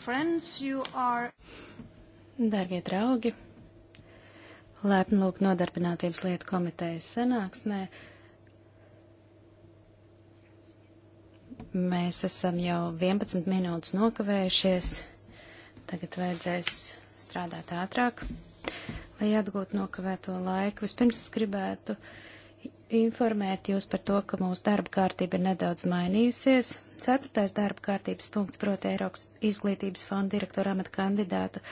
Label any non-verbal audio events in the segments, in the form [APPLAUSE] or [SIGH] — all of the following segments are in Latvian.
friends, you are. Dargie draugi, Lēpni lūk nodarbinātības lietu komitejas sanāksmē. Mēs esam jau 11 minūtes nokavējušies. Tagad vajadzēs strādāt ātrāk, lai atgūtu nokavēto laiku. Vispirms es gribētu informēt jūs par to, ka mūsu darba kārtība ir nedaudz mainījusies. Ceturtais darba kārtības punkts, proti Eiropas izglītības fonda direktora amata kandidāta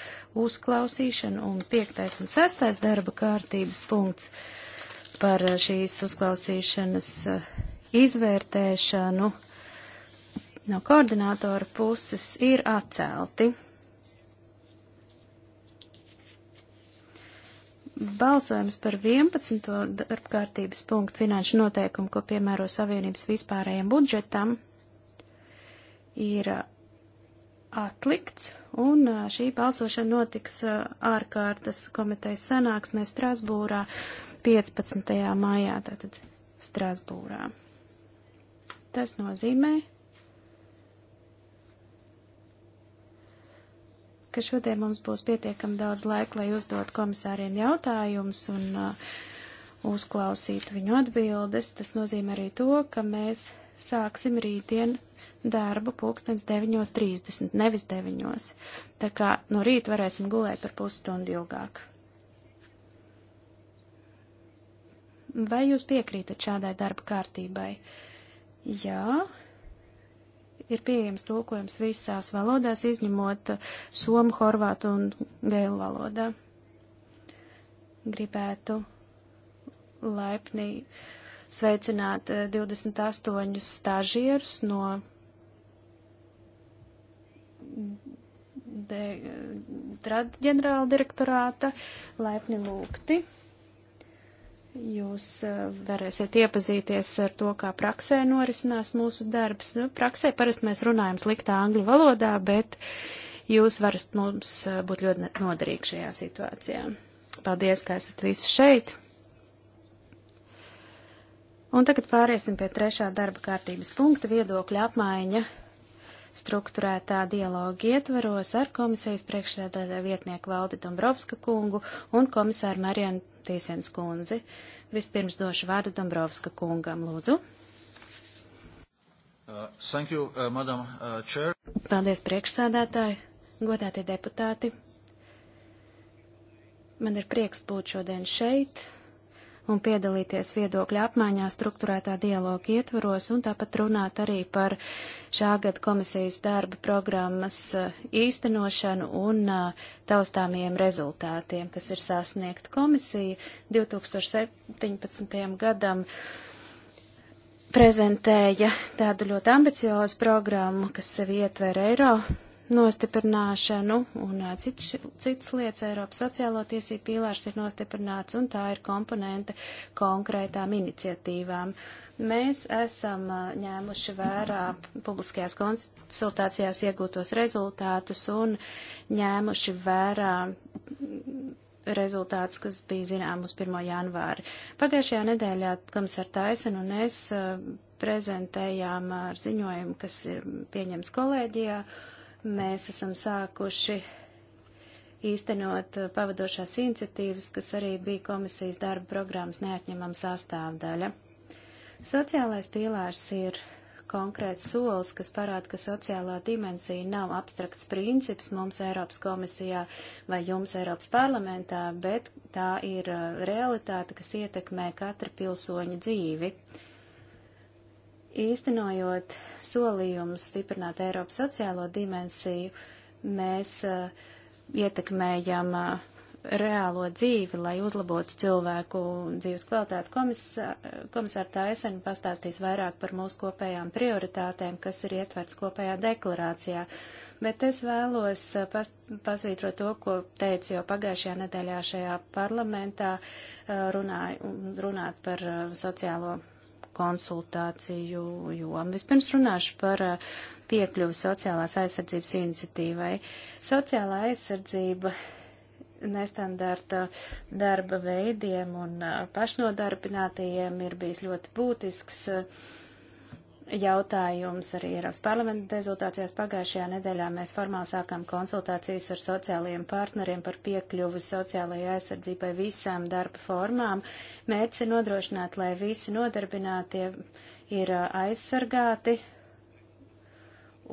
uzklausīšana un piektais un sestais darba kārtības punkts par eh, šīs uzklausīšanas eh, izvērtēšanu no koordinātora puses ir atcelti. balsojums par 11. darbkārtības punktu finanšu noteikumu, ko piemēro Savienības vispārējiem budžetam, ir uh, atlikts, un uh, šī balsošana notiks uh, ārkārtas komitejas sanāksmē Strasbūrā 15. maijā, tātad Strasbūrā. Tas nozīmē, ka šodien mums būs pietiekami daudz laika, lai uzdot komisāriem jautājumus un uh, uzklausītu viņu atbildes. Tas nozīmē arī to, ka mēs sāksim rītdien darbu pulkstens 9.30, nevis 9. Tā kā no rīta varēsim gulēt par pusstundu ilgāk. Vai jūs piekrītat šādai darba kārtībai? Jā, ir pieejams tulkojums visās valodās, izņemot somu, horvātu un gēlu valodā. Gribētu laipni uh, sveicināt 28 eh, stažierus no de, trad ģenerāla direktorāta. Laipni lūgti! Jūs eh, varēsiet iepazīties ar to, kā praksē norisinās mūsu darbs. Nu, praksē parasti mēs runājam sliktā angļu valodā, bet jūs varat mums eh, būt ļoti noderīgi šajā situācijā. Paldies, ka esat visi šeit! Un tagad pāriesim pie trešā darba kārtības punkta viedokļa apmaiņa struktūrētā dialoga ietvaros ar komisijas priekšsēdētāju vietnieku Valdi Dombrovska kungu un komisāru Marianu Tīsens kundzi. Vispirms došu vārdu Dombrovska kungam, lūdzu. Uh, thank you, uh, Madam uh, Chair. Paldies priekšsēdētāji, godātie deputāti. Man ir prieks būt šodien šeit un piedalīties viedokļu apmaiņā struktūrētā dialoga ietvaros un tāpat runāt arī par šā gada komisijas darba programmas īstenošanu un taustāmiem rezultātiem, kas ir sasniegt komisija 2017. gadam prezentēja tādu ļoti ambiciozu programmu, kas sev ietver Eiro nostiprināšanu un citus, citas lietas. Eiropas sociālo tiesību pīlārs ir nostiprināts un tā ir komponente konkrētām iniciatīvām. Mēs esam ņēmuši vērā publiskajās konsultācijās iegūtos rezultātus un ņēmuši vērā rezultātus, kas bija zinām uz 1. janvāri. Pagājušajā nedēļā komisār Taisen un es prezentējām ar ziņojumu, kas ir pieņems kolēģijā, uh, mēs esam sākuši īstenot eh, pavadošās iniciatīvas, kas arī bija komisijas darba programmas neatņemama sastāvdaļa. Sociālais pīlārs ir konkrēts solis, kas parāda, ka sociālā dimensija nav abstrakts princips mums Eiropas komisijā vai jums Eiropas parlamentā, bet tā ir eh, realitāte, kas ietekmē katra pilsoņa dzīvi. Uh, īstenojot solījumus stiprināt Eiropas sociālo dimensiju, mēs uh, ietekmējam uh, reālo dzīvi, lai uzlabotu cilvēku dzīves kvalitāti. Eh, komisāra Taisen pastāstīs vairāk par mūsu kopējām prioritātēm, kas ir ietverts kopējā deklarācijā. Bet es vēlos pas, pasvītrot to, ko teicu jau pagājušajā nedēļā šajā parlamentā, runāju, runāt par sociālo konsultāciju jomu. Vispirms runāšu par eh, piekļuvu sociālās aizsardzības iniciatīvai. Sociālā aizsardzība nestandarta darba veidiem un eh, pašnodarbinātajiem ir bijis ļoti būtisks uh, jautājums arī Eiropas parlamenta rezultācijās pagājušajā nedēļā. Mēs formāli sākām konsultācijas ar sociālajiem partneriem par piekļuvu sociālajai aizsardzībai visām darba formām. Mērķis ir nodrošināt, lai visi nodarbinātie ir uh, aizsargāti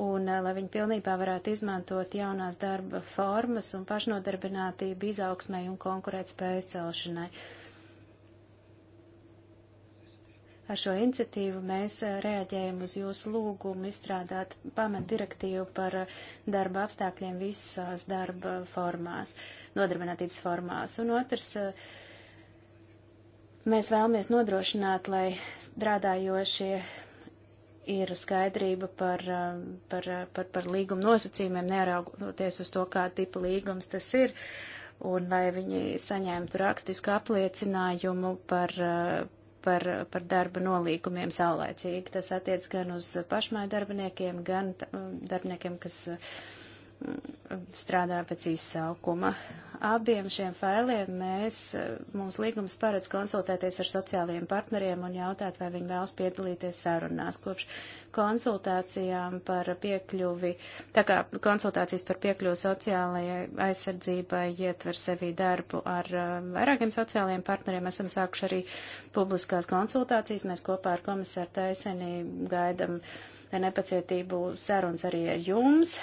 un uh, lai viņi pilnībā varētu izmantot jaunās darba formas un pašnodarbinātību izaugsmai un konkurētspējas celšanai. Uh, Ar šo iniciatīvu mēs eh, reaģējam uz jūsu lūgumu izstrādāt pamatdirektīvu par eh, darba apstākļiem visās darba formās, nodarbinātības formās. Un otrs, eh, mēs vēlamies nodrošināt, lai strādājošie ir skaidrība par, par, par, par līguma nosacījumiem, neraugoties uz to, kāda tipa līgums tas ir, un lai viņi saņemtu rakstisku apliecinājumu par, par, par darba nolīgumiem saulēcīgi. Tas attiec gan uz pašmai darbiniekiem, gan darbiniekiem, kas strādāju pēc izsaukuma. Abiem šiem failiem mēs, mūsu līgums paredz konsultēties ar sociālajiem partneriem un jautāt, vai viņi vēlas piedalīties sarunās. Kopš konsultācijām par piekļuvi, tā kā konsultācijas par piekļuvi sociālajai aizsardzībai ietver sevī darbu ar uh, vairākiem sociālajiem partneriem, esam sākuši arī publiskās konsultācijas. Mēs kopā ar komisāru Taiseni gaidam nepacietību sarunas arī ar jums,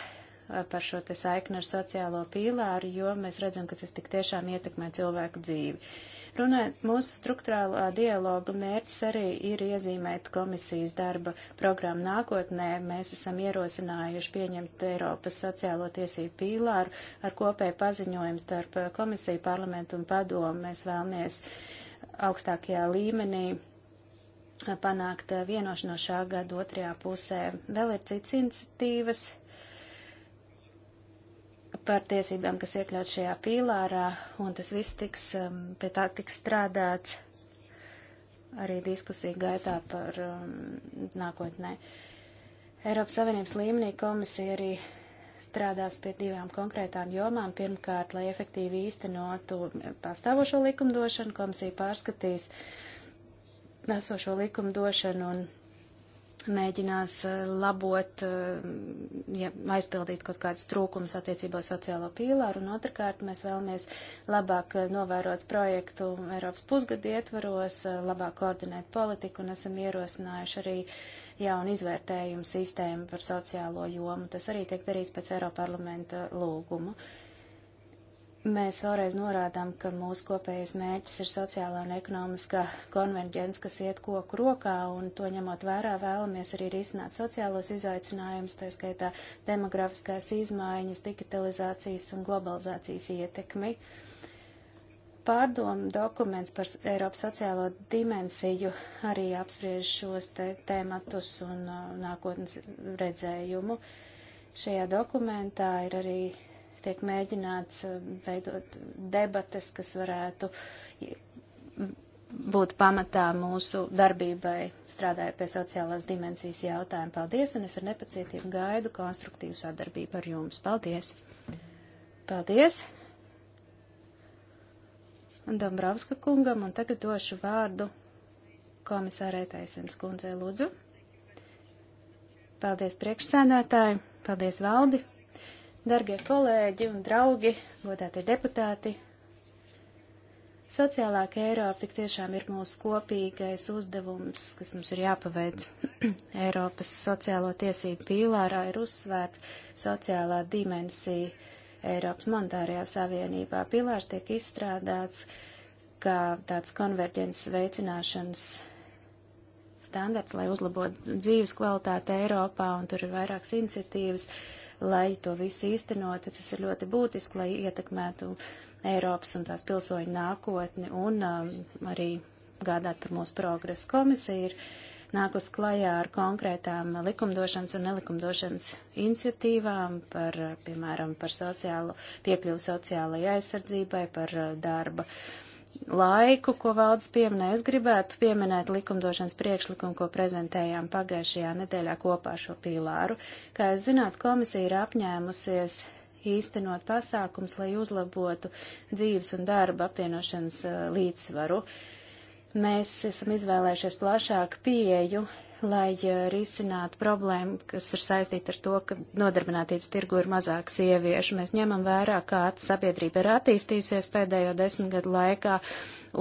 par šo te saikni ar sociālo pīlāru, jo mēs redzam, ka tas tik tiešām ietekmē cilvēku dzīvi. Runājot, mūsu struktūrālā dialoga mērķis arī ir iezīmēt komisijas darba programmu nākotnē. Mēs esam ierosinājuši pieņemt Eiropas sociālo tiesību pīlāru ar kopēju paziņojumu starp komisiju, parlamentu un padomu. Mēs vēlamies augstākajā līmenī panākt vienošanos šā gada otrajā pusē. Vēl ir cits iniciatīvas, par tiesībām, kas iekļaut šajā pīlārā, un tas viss tiks, um, pie tā tiks strādāts arī diskusiju gaitā par um, nākotnē. Eiropas Savienības līmenī komisija arī strādās pie divām konkrētām jomām. Pirmkārt, lai efektīvi īstenotu pastāvošo likumdošanu, komisija pārskatīs esošo likumdošanu un mēģinās eh, labot, eh, ja aizpildīt kaut kādus trūkumus attiecībā sociālo pīlāru, un otrkārt mēs vēlamies labāk eh, novērot projektu Eiropas pusgadu ietvaros, labāk koordinēt politiku, un esam ierosinājuši arī jaunu izvērtējumu sistēmu par sociālo jomu. Tas arī tiek darīts pēc Eiroparlamenta lūgumu. Uh, Mēs vēlreiz norādām, ka mūsu kopējais mērķis ir sociālā un ekonomiskā konverģence, kas iet koku rokā, un to ņemot vērā vēlamies arī risināt sociālos izaicinājumus, tā skaitā demografiskās izmaiņas, digitalizācijas un globalizācijas ietekmi. Pārdomu dokuments par Eiropas sociālo dimensiju arī apspriež šos te tēmatus un uh, nākotnes redzējumu. Šajā dokumentā ir arī tiek mēģināts eh, veidot debates, kas varētu būt pamatā mūsu darbībai, strādājot pie sociālās dimensijas jautājuma. Paldies, un es ar nepacietību gaidu konstruktīvu sadarbību ar jums. Paldies! Paldies! Un Dombrovska kungam, un tagad došu vārdu komisārai Taisens kundzei Lūdzu. Paldies priekšsēdētāji, paldies valdi! Dargie kolēģi un draugi, godātie deputāti, sociālāka Eiropa tik tiešām ir mūsu kopīgais uzdevums, kas mums ir jāpaveic. [CLEARS THROAT] Eiropas sociālo tiesību pīlārā ir uzsvērta sociālā dimensija Eiropas monetārajā savienībā. Pīlārs tiek izstrādāts kā tāds konverģences veicināšanas standarts, lai uzlabotu dzīves kvalitāti Eiropā, un tur ir vairākas iniciatīvas. Uh, lai to visu īstenotu. Tas ir ļoti būtiski, lai ietekmētu Eiropas un tās pilsoņu nākotni un um, arī gādāt par mūsu progresu. Komisija ir nākus klajā ar konkrētām likumdošanas un nelikumdošanas iniciatīvām par, piemēram, par sociālu, piekļuvu sociālajai aizsardzībai, par uh, darba uh, laiku, ko valdes pieminēja. Es gribētu pieminēt likumdošanas priekšlikumu, ko prezentējām pagājušajā nedēļā kopā ar šo pīlāru. Kā jūs zināt, komisija ir apņēmusies īstenot pasākums, lai uzlabotu dzīves un darba apvienošanas eh, līdzsvaru. Mēs esam izvēlējušies plašāku pieeju lai eh, risinātu problēmu, kas ir saistīta ar to, ka nodarbinātības tirgu ir mazāk sieviešu. Mēs ņemam vērā, kā sabiedrība ir attīstījusies pēdējo desmit gadu laikā,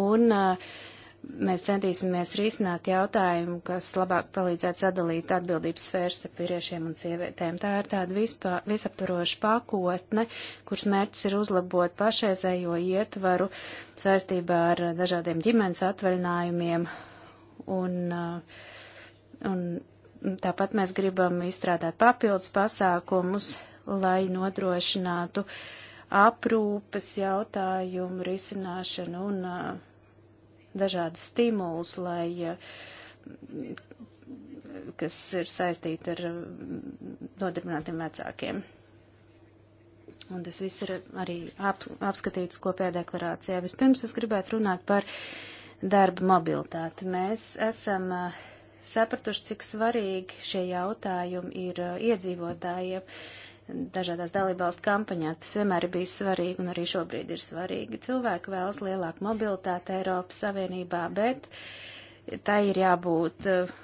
un eh, mēs centīsimies risināt jautājumu, kas labāk palīdzētu sadalīt atbildības sfēras starp vīriešiem un sievietēm. Tā ir tāda vispār, visaptvaroša pakotne, kuras mērķis ir uzlabot pašreizējo ietvaru saistībā ar dažādiem ģimenes atvaļinājumiem un uh, Un tāpat mēs gribam izstrādāt papildus pasākumus, lai nodrošinātu aprūpes jautājumu risināšanu un uh, dažādus stimulus, lai, uh, kas ir saistīti ar mm, nodarbinātiem vecākiem. Un tas viss ir arī ap, apskatīts kopējā deklarācijā. Vispirms es gribētu runāt par darba mobilitāti. Mēs esam uh, sapratuši, cik svarīgi šie jautājumi ir uh, iedzīvotājiem dažādās dalībvalstu kampaņās. Tas vienmēr ir bijis svarīgi un arī šobrīd ir svarīgi. Cilvēki vēlas lielāku mobilitāti Eiropas Savienībā, bet tai ir jābūt uh,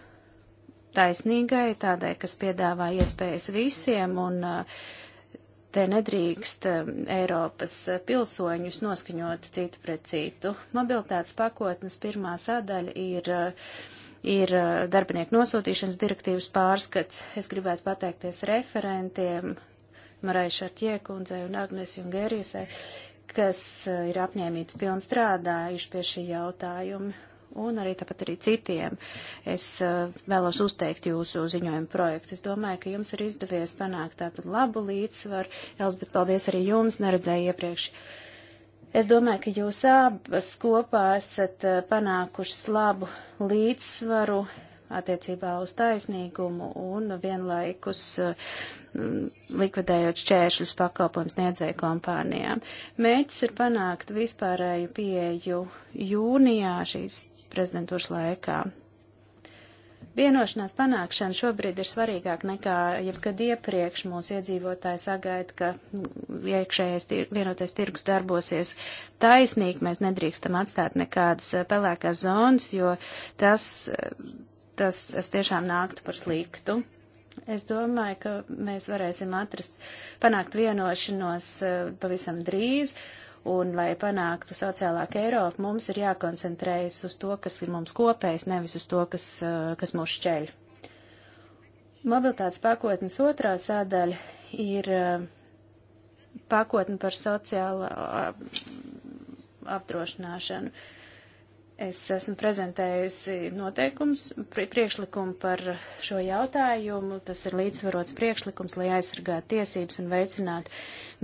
taisnīgai, tādai, kas piedāvā iespējas visiem un uh, te nedrīkst um, Eiropas uh, pilsoņus noskaņot citu pret citu. Mobiltātes pakotnes pirmā sadaļa ir uh, ir uh, darbinieku nosūtīšanas direktīvas pārskats. Es gribētu pateikties referentiem Marai Šarķie kundzei un Agnesi un Gērijusai, kas uh, ir apņēmības pilni strādājuši pie šī jautājuma. Un arī tāpat arī citiem. Es uh, vēlos uzteikt jūsu ziņojumu projektu. Es domāju, ka jums ir izdevies panākt tādu labu līdzsvaru. Elsbet, paldies arī jums, neredzēju iepriekš. Uh, Es domāju, ka jūs abas kopā esat eh, panākušas labu līdzsvaru attiecībā uz taisnīgumu un vienlaikus eh, likvidējot šķēršļus pakalpojums niedzēju kompānijām. Mēģis ir panākt vispārēju pieeju jūnijā šīs prezidentūras laikā. Vienošanās panākšana šobrīd ir svarīgāk nekā jebkad iepriekš mūsu iedzīvotāji sagaida, ka iekšējais tir vienotais tirgus darbosies taisnīgi. Mēs nedrīkstam atstāt nekādas eh, pelēkās zonas, jo tas, eh, tas, tas tiešām nāktu par sliktu. Es domāju, ka mēs varēsim atrast, panākt vienošanos eh, pavisam drīz, un lai panāktu sociālāku Eiropu, mums ir jākoncentrējas uz to, kas ir mums kopējs, nevis uz to, kas, kas mūs šķeļ. Mobiltātes pakotnes otrā sādaļa ir pakotne par sociālo apdrošināšanu. Uh, Es esmu prezentējusi noteikums, priekšlikumu par šo jautājumu. Tas ir līdzsvarots priekšlikums, lai aizsargātu tiesības un veicinātu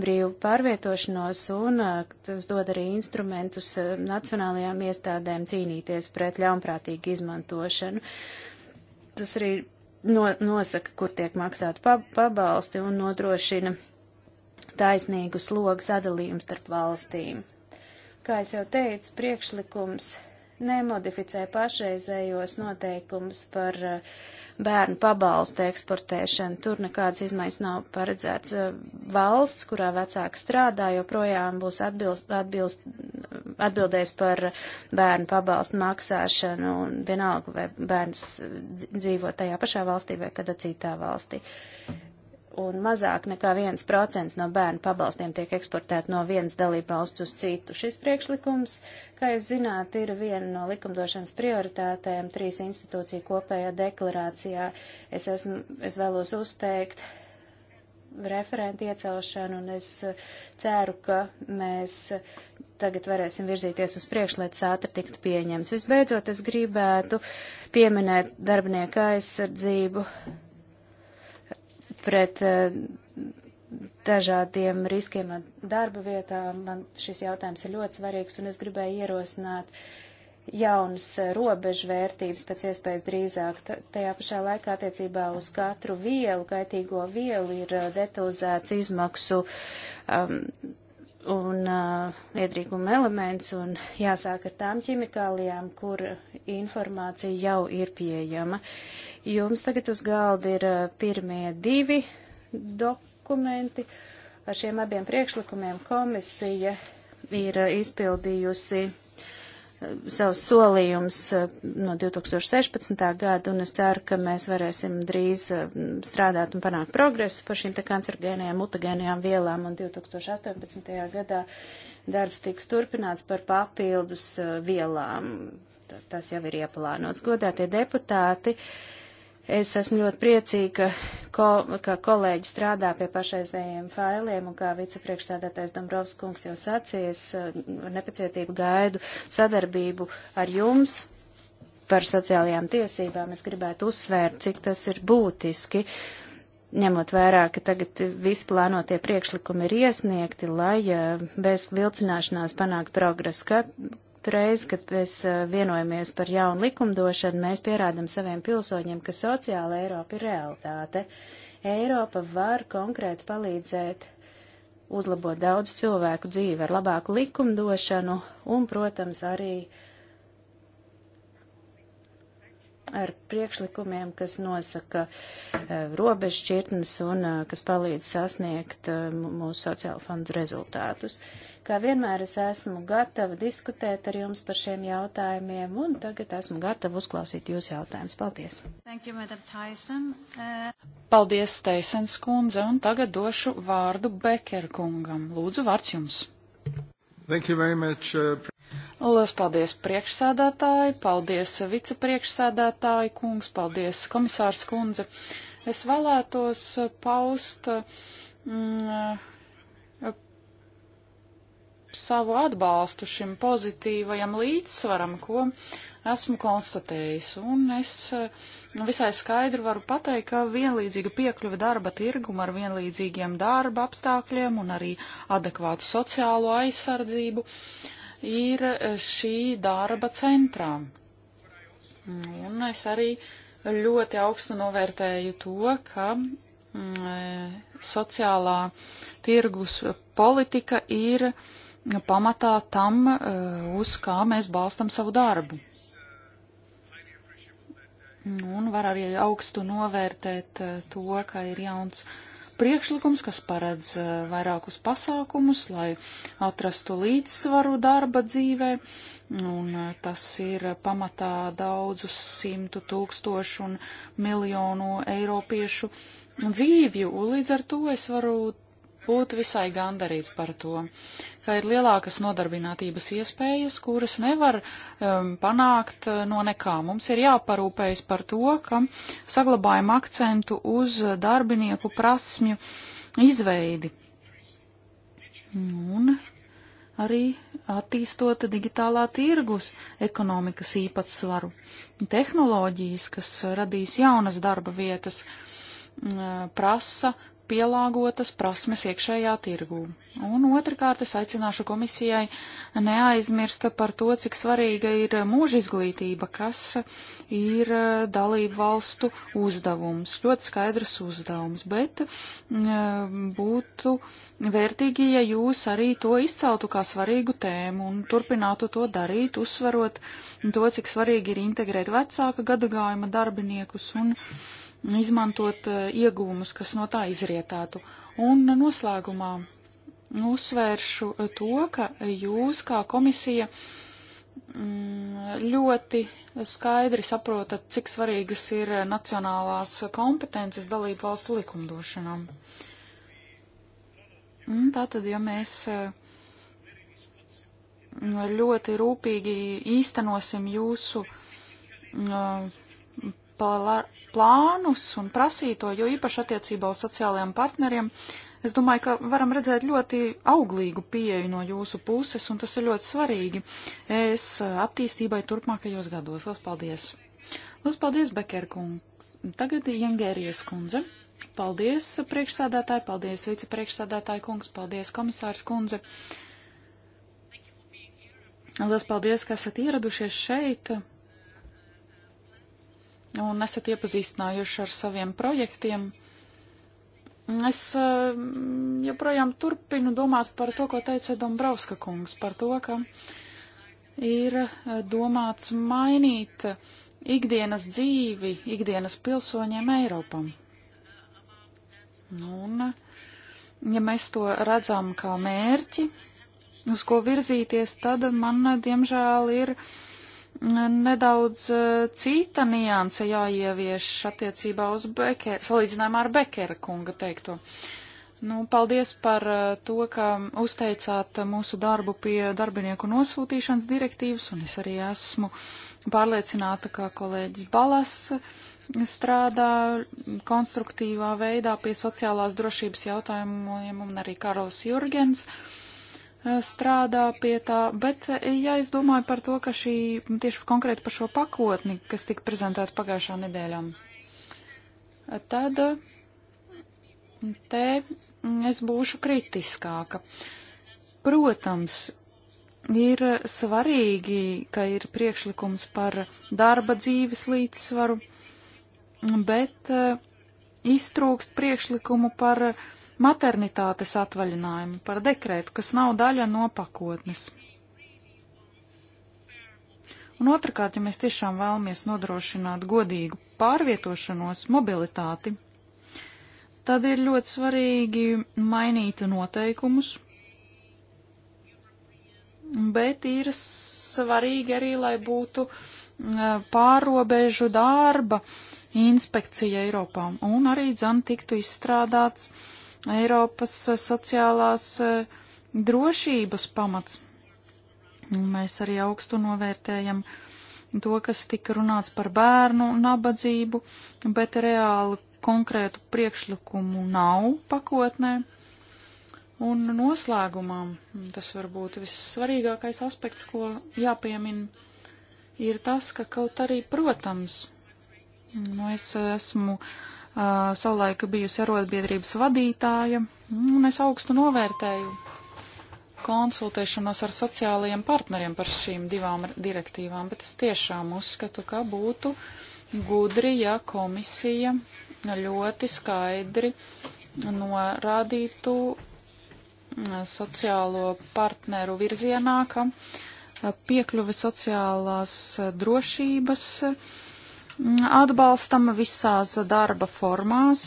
brīvu pārvietošanos, un tas dod arī instrumentus nacionālajām iestādēm cīnīties pret ļaunprātīgu izmantošanu. Tas arī no, nosaka, kur tiek maksāti pabalsti un nodrošina taisnīgu slogu sadalījumu starp valstīm. Kā es jau teicu, priekšlikums nemodificē pašreizējos noteikumus par eh, bērnu pabalstu eksportēšanu. Tur nekādas izmaiņas nav paredzēts. Eh, valsts, kurā vecāki strādā, joprojām būs atbilst, atbilst, atbildēs par bērnu pabalstu maksāšanu un vienalga, vai bērns dzīvo tajā pašā valstī vai kādā citā valstī un mazāk nekā 1% no bērnu pabalstiem tiek eksportēta no vienas dalība valsts uz citu. Šis priekšlikums, kā jūs zināt, ir viena no likumdošanas prioritātēm trīs institūciju kopējā deklarācijā. Es, esmu, es vēlos uzteikt referentu iecelšanu, un es eh, ceru, ka mēs tagad varēsim virzīties uz priekšu, lai tas ātri tiktu pieņemts. Visbeidzot, es gribētu pieminēt darbinieku aizsardzību pret eh, dažādiem riskiem darba vietā. Man šis jautājums ir ļoti svarīgs, un es gribēju ierosināt jaunas eh, robežvērtības pēc iespējas drīzāk. Tajā pašā laikā attiecībā uz katru vielu, kaitīgo vielu, ir eh, detalizēts izmaksu um, un uh, iedrīguma elements, un jāsāk ar tām ķimikālijām, kur informācija jau ir pieejama. Uh, Jums tagad uz galda ir eh, pirmie divi dokumenti. Ar šiem abiem priekšlikumiem komisija ir eh, izpildījusi eh, savus solījumus no 2016. gada, un es ceru, ka mēs varēsim drīz strādāt un panākt progresu par šīm te kancergēnajām, mutagēnajām vielām, un 2018. gadā darbs tiks turpināts par papildus vielām. Tas jau ir ieplānots. Godātie deputāti, uh, Es esmu ļoti priecīga, ko, ka kolēģi strādā pie pašreizējiem failiem, un kā vicepriekšsēdētājs Dombrovs kungs jau sacīs, uh, ar nepacietību gaidu sadarbību ar jums par sociālajām tiesībām. Es gribētu uzsvērt, cik tas ir būtiski, ņemot vērā, ka tagad visi plānotie priekšlikumi ir iesniegti, lai uh, bez vilcināšanās panāktu progresu reizi, kad mēs eh, vienojamies par jaunu likumdošanu, mēs pierādam saviem pilsoņiem, ka sociāla Eiropa ir realitāte. Eiropa var konkrēti palīdzēt uzlabot daudz cilvēku dzīvi ar labāku likumdošanu un, protams, arī ar priekšlikumiem, kas nosaka eh, robežšķirtnes un eh, kas palīdz sasniegt mūsu sociāla fondu rezultātus. Uh, Kā vienmēr es esmu gatava diskutēt ar jums par šiem jautājumiem, un tagad esmu gatava uzklausīt jūsu jautājumus. Paldies! Thank you, Tyson. Uh... Paldies, Teisens kundze, un tagad došu vārdu Beker kungam. Lūdzu, vārds jums! Thank you very much. Uh... Lielas paldies priekšsēdētāji, paldies vicepriekšsēdētāji kungs, paldies komisārs kundze. Es vēlētos paust mm, savu atbalstu šim pozitīvajam līdzsvaram, ko esmu konstatējis. Un es eh, nu, visai skaidri varu pateikt, ka vienlīdzīga piekļuve darba tirguma ar vienlīdzīgiem darba apstākļiem un arī adekvātu sociālo aizsardzību ir eh, šī darba centrā. Un es arī ļoti augstu novērtēju to, ka mm, eh, sociālā tirgus politika ir uh, pamatā tam, eh, uz kā mēs balstam savu darbu. Un var arī augstu novērtēt eh, to, ka ir jauns priekšlikums, kas paredz eh, vairākus pasākumus, lai atrastu līdzsvaru darba dzīvē, un tas ir pamatā daudzu simtu tūkstošu un miljonu eiropiešu dzīvju, un līdz ar to es varu būtu visai gandarīts par to, ka ir lielākas nodarbinātības iespējas, kuras nevar um, panākt uh, no nekā. Mums ir jāparūpējas par to, ka saglabājam akcentu uz darbinieku prasmju izveidi. Un arī attīstot digitālā tirgus ekonomikas īpatsvaru, tehnoloģijas, kas radīs jaunas darba vietas, mm, prasa pielāgotas prasmes iekšējā tirgū. Un otrkārt es aicināšu komisijai neaizmirst par to, cik svarīga ir mūža izglītība, kas ir e, dalību valstu uzdevums, ļoti skaidrs uzdevums, bet e, būtu vērtīgi, ja jūs arī to izceltu kā svarīgu tēmu un turpinātu to darīt, uzsverot to, cik svarīgi ir integrēt vecāka gadagājuma darbiniekus un izmantot eh, iegūmus, kas no tā izrietētu. Un noslēgumā uzsvēršu eh, to, ka jūs kā komisija mm, ļoti skaidri saprotat, cik svarīgas ir nacionālās kompetences dalību valstu likumdošanām. Tātad, ja mēs eh, ļoti rūpīgi īstenosim jūsu uh, plānus un prasīto, jo īpaši attiecībā uz sociālajiem partneriem, es domāju, ka varam redzēt ļoti auglīgu pieeju no jūsu puses, un tas ir ļoti svarīgi es attīstībai turpmākajos gados. Lielas paldies! Lielas paldies, Beker kungs! Tagad Jengērijas kundze. Paldies, priekšsādātāji, paldies, vicepriekšsādātāji kungs, paldies, komisārs kundze. Lielas paldies, ka esat ieradušies šeit un esat iepazīstinājuši ar saviem projektiem. Es eh, joprojām turpinu domāt par to, ko teica Dombrovska kungs, par to, ka ir eh, domāts mainīt ikdienas dzīvi ikdienas pilsoņiem Eiropam. Un, ja mēs to redzam kā mērķi, uz ko virzīties, tad man, diemžēl, ir nedaudz eh, cita nianse jāievieš attiecībā uz Bekera, salīdzinājumā ar Bekera kunga teikto. Nu, paldies par eh, to, ka uzteicāt mūsu darbu pie darbinieku nosūtīšanas direktīvas, un es arī esmu pārliecināta, ka kolēģis Balas strādā konstruktīvā veidā pie sociālās drošības jautājumiem, un arī Karls Jurgens. Uh, strādā pie tā, bet eh, ja es domāju par to, ka šī tieši konkrēti par šo pakotni, kas tika prezentēta pagājušā nedēļā, tad te es būšu kritiskāka. Protams, ir svarīgi, ka ir priekšlikums par darba dzīves līdzsvaru, bet eh, iztrūkst priekšlikumu par uh, maternitātes atvaļinājumu, par dekrētu, kas nav daļa no pakotnes. Un otrkārt, ja mēs tiešām vēlamies nodrošināt godīgu pārvietošanos, mobilitāti, tad ir ļoti svarīgi mainīt noteikumus, bet ir svarīgi arī, lai būtu pārobežu darba inspekcija Eiropā un arī dzan tiktu izstrādāts uh, Eiropas eh, sociālās eh, drošības pamats. Mēs arī augstu novērtējam to, kas tika runāts par bērnu nabadzību, bet reāli konkrētu priekšlikumu nav pakotnē. Un noslēgumā tas varbūt vissvarīgākais aspekts, ko jāpiemin, ir tas, ka kaut arī, protams, nu es esmu uh, Uh, savulaika bijusi arotbiedrības vadītāja, un es augstu novērtēju konsultēšanos ar sociālajiem partneriem par šīm divām direktīvām, bet es tiešām uzskatu, ka būtu gudri, ja komisija ļoti skaidri norādītu mm, sociālo partneru virzienā, ka uh, piekļuve sociālās uh, drošības uh, atbalstam visās darba formās,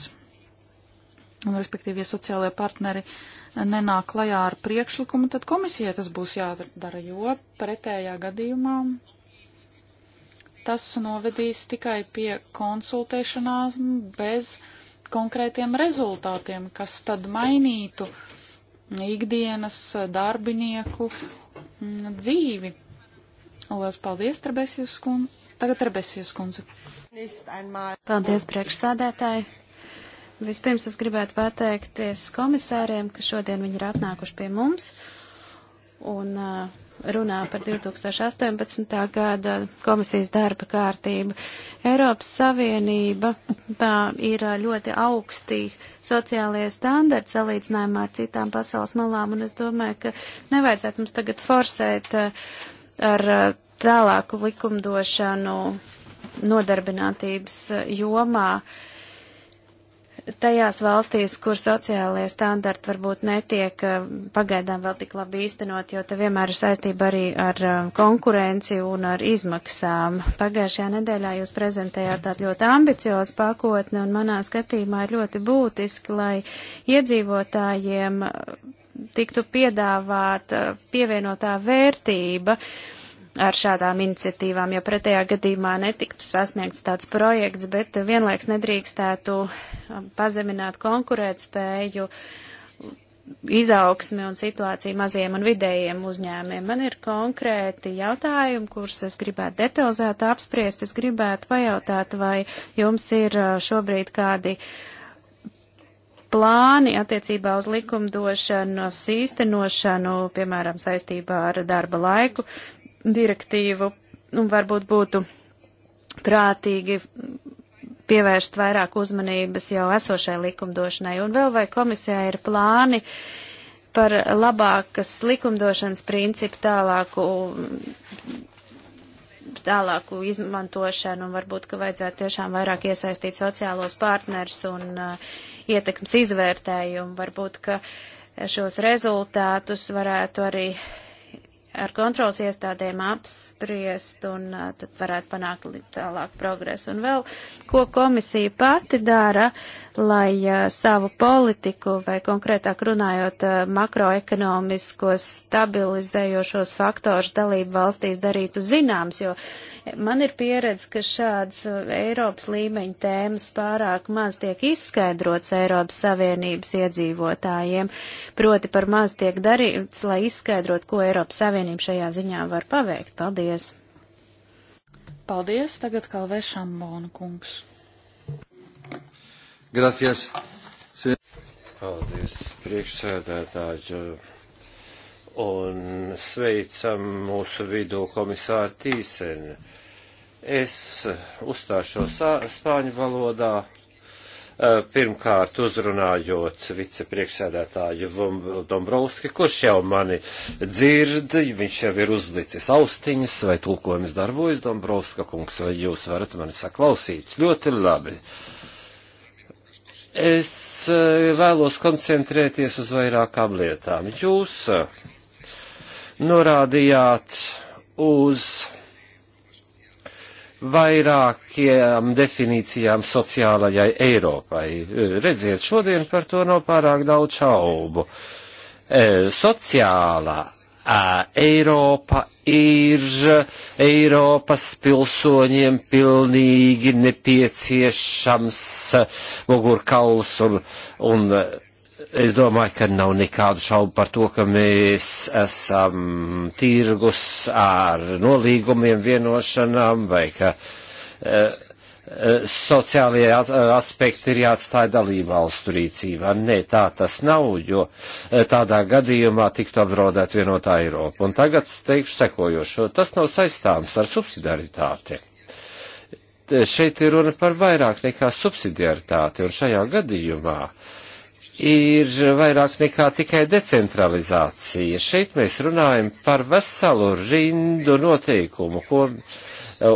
un respektīvi, ja sociālajie partneri nenāk klajā ar priekšlikumu, tad komisijai tas būs jādara, jo pretējā gadījumā tas novedīs tikai pie konsultēšanās bez konkrētiem rezultātiem, kas tad mainītu ikdienas darbinieku dzīvi. Lielas paldies, Trebesijas kundze! Tagad Rebesijas kundze. Paldies, priekšsādētāji. Vispirms es gribētu pateikties komisāriem, ka šodien viņi ir atnākuši pie mums un uh, runā par 2018. gada komisijas darba kārtību. Eiropas Savienība tā, ir ļoti augstī sociālajie standarti salīdzinājumā ar citām pasaules malām, un es domāju, ka nevajadzētu mums tagad forsēt uh, ar eh, tālāku likumdošanu nodarbinātības eh, jomā tajās valstīs, kur sociālajie standarti varbūt netiek eh, pagaidām vēl tik labi īstenot, jo te vienmēr ir saistība arī ar konkurenci un ar izmaksām. Pagājušajā nedēļā jūs prezentējāt tādu ļoti ambiciozu pakotni, un manā skatījumā ir ļoti būtiski, lai iedzīvotājiem tiktu piedāvāta pievienotā vērtība ar šādām iniciatīvām, jo pretējā gadījumā netiktu sasniegts tāds projekts, bet vienlaiks nedrīkstētu um, pazemināt konkurētspēju izaugsmi un situāciju maziem un vidējiem uzņēmiem. Man ir konkrēti jautājumi, kurus es gribētu detalizēt apspriest. Es gribētu pajautāt, vai jums ir uh, šobrīd kādi uh, plāni attiecībā uz likumdošanas īstenošanu, piemēram, saistībā ar darba laiku direktīvu, un varbūt būtu prātīgi pievērst vairāk uzmanības jau esošai likumdošanai, un vēl vai komisijā ir plāni par labākas likumdošanas principu tālāku tālāku izmantošanu un varbūt, ka vajadzētu tiešām vairāk iesaistīt sociālos partners un uh, ietekmes izvērtējumu. Varbūt, ka šos rezultātus varētu arī ar kontrols iestādēm apspriest un tad varētu panākt tālāk progresu. Un vēl, ko komisija pati dara, uh, lai uh, savu politiku vai konkrētāk runājot uh, makroekonomiskos stabilizējošos faktors dalību valstīs darītu zināms, jo man ir pieredze, ka šāds Eiropas līmeņa tēmas pārāk maz tiek izskaidrots Eiropas Savienības iedzīvotājiem, proti par maz tiek darīts, lai izskaidrot, ko Eiropas Savienība šajā ziņā var paveikt. Paldies! Paldies, tagad Kalvešam Mona kungs. Gracias. Paldies, priekšsēdētāji. Un sveicam mūsu vidū komisāru Tīseni. Es uzstāšos spāņu valodā, pirmkārt uzrunājot vicepriekšsēdētāju Dombrovski, kurš jau mani dzird, viņš jau ir uzlicis austiņas, vai tulkojums darbojas Dombrovska kungs, vai jūs varat mani saklausīt ļoti labi. Uh, Es eh, vēlos koncentrēties uz vairākām lietām. Jūs eh, norādījāt uz vairākiem definīcijām sociālajai Eiropai. Eh, redziet, šodien par to nav pārāk daudz šaubu. E, sociālā Eiropa ir Eiropas pilsoņiem pilnīgi nepieciešams mugurkauls un, un es domāju, ka nav nekādu šaubu par to, ka mēs esam tirgus ar nolīgumiem, vienošanām vai ka. Uh, Eh, sociālajie eh, aspekti ir jāatstāja dalībvalstu rīcībā. Nē, tā tas nav, jo eh, tādā gadījumā tiktu apdraudēt vienotā Eiropa. Un tagad es teikšu sekojošo. Tas nav saistāms ar subsidaritāti. Šeit ir runa par vairāk nekā subsidiaritāti, un šajā gadījumā ir vairāk nekā tikai decentralizācija. Šeit mēs runājam par veselu rindu noteikumu, ko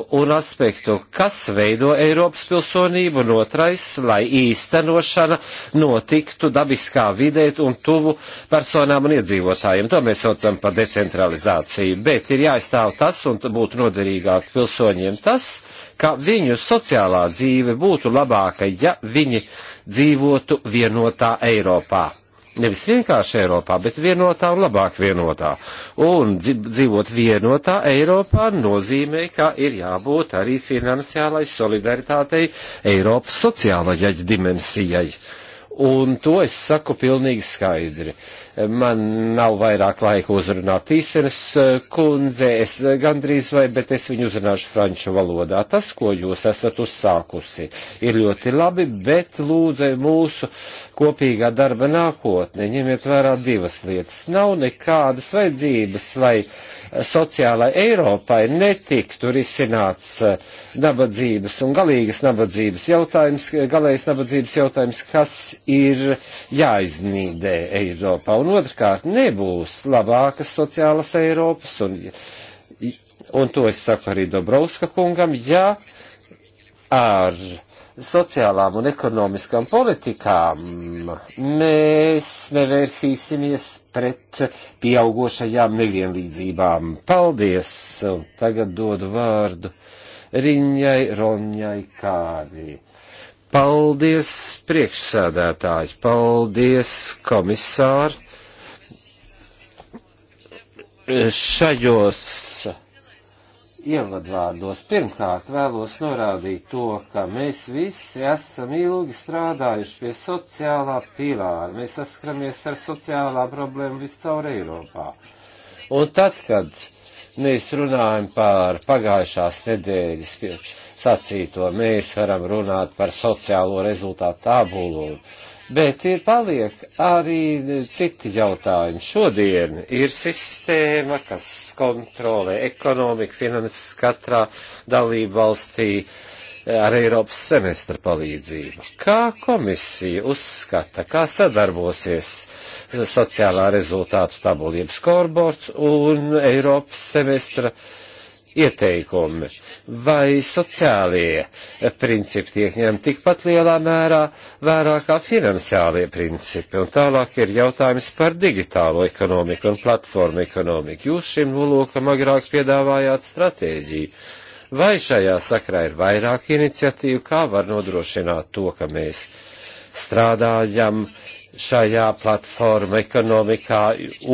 un aspektu, kas veido Eiropas pilsonību, un otrais, lai īstenošana notiktu dabiskā vidē un tuvu personām un iedzīvotājiem. To mēs saucam par decentralizāciju, bet ir jāizstāv tas, un būtu noderīgāk pilsoņiem tas, ka viņu sociālā dzīve būtu labāka, ja viņi dzīvotu vienotā Eiropā. Nevis vienkārši Eiropā, bet vienotā un labāk vienotā. Un dzīvot vienotā Eiropā nozīmē, ka ir jābūt arī finansiālai solidaritātei Eiropas sociālajai dimensijai. Un to es saku pilnīgi skaidri. Uh, man nav vairāk laika uzrunāt Tīsenes eh, kundze, es eh, gandrīz vai, bet es viņu uzrunāšu franču valodā. Tas, ko jūs esat uzsākusi, ir ļoti labi, bet lūdzu mūsu kopīgā darba nākotne, ņemiet vērā divas lietas. Nav nekādas vajadzības, lai sociālai Eiropai netiktu risināts eh, nabadzības un galīgas nabadzības jautājums, galējas nabadzības jautājums, kas ir jāiznīdē Eiropā un otrkārt nebūs labākas sociālas Eiropas, un, un to es saku arī Dobrovska kungam, ja ar sociālām un ekonomiskām politikām mēs nevērsīsimies pret pieaugošajām nevienlīdzībām. Paldies! Un tagad dodu vārdu Riņai Ronjai Kārī. Paldies, priekšsēdētāji, paldies, komisāri. Šajos ievadvārdos pirmkārt vēlos norādīt to, ka mēs visi esam ilgi strādājuši pie sociālā pilāra. Mēs saskaramies ar sociālā problēmu viscaur Eiropā. Un tad, kad mēs runājam par pagājušās nedēļas pieeja sacīto. Mēs varam runāt par sociālo rezultātu tabulu, bet ir paliek arī citi jautājumi. Šodien ir sistēma, kas kontrolē ekonomiku, finanses katrā dalību valstī ar Eiropas semestra palīdzību. Kā komisija uzskata, kā sadarbosies sociālā rezultātu tabulības korbords un Eiropas semestra ieteikumi? vai sociālie principi tiek ņemti tikpat lielā mērā vērā kā finansiālie principi. Un tālāk ir jautājums par digitālo ekonomiku un platformu ekonomiku. Jūs šim nolūkam agrāk piedāvājāt stratēģiju. Vai šajā sakrā ir vairāk iniciatīvu, kā var nodrošināt to, ka mēs strādājam šajā platforma ekonomikā.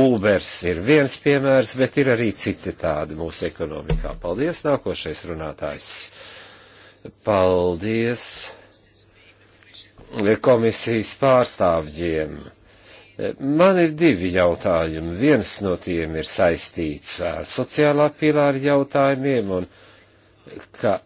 Ubers ir viens piemērs, bet ir arī citi tādi mūsu ekonomikā. Paldies, nākošais runātājs. Paldies komisijas pārstāvjiem. Man ir divi jautājumi. Viens no tiem ir saistīts ar sociālā pilāra jautājumiem un ka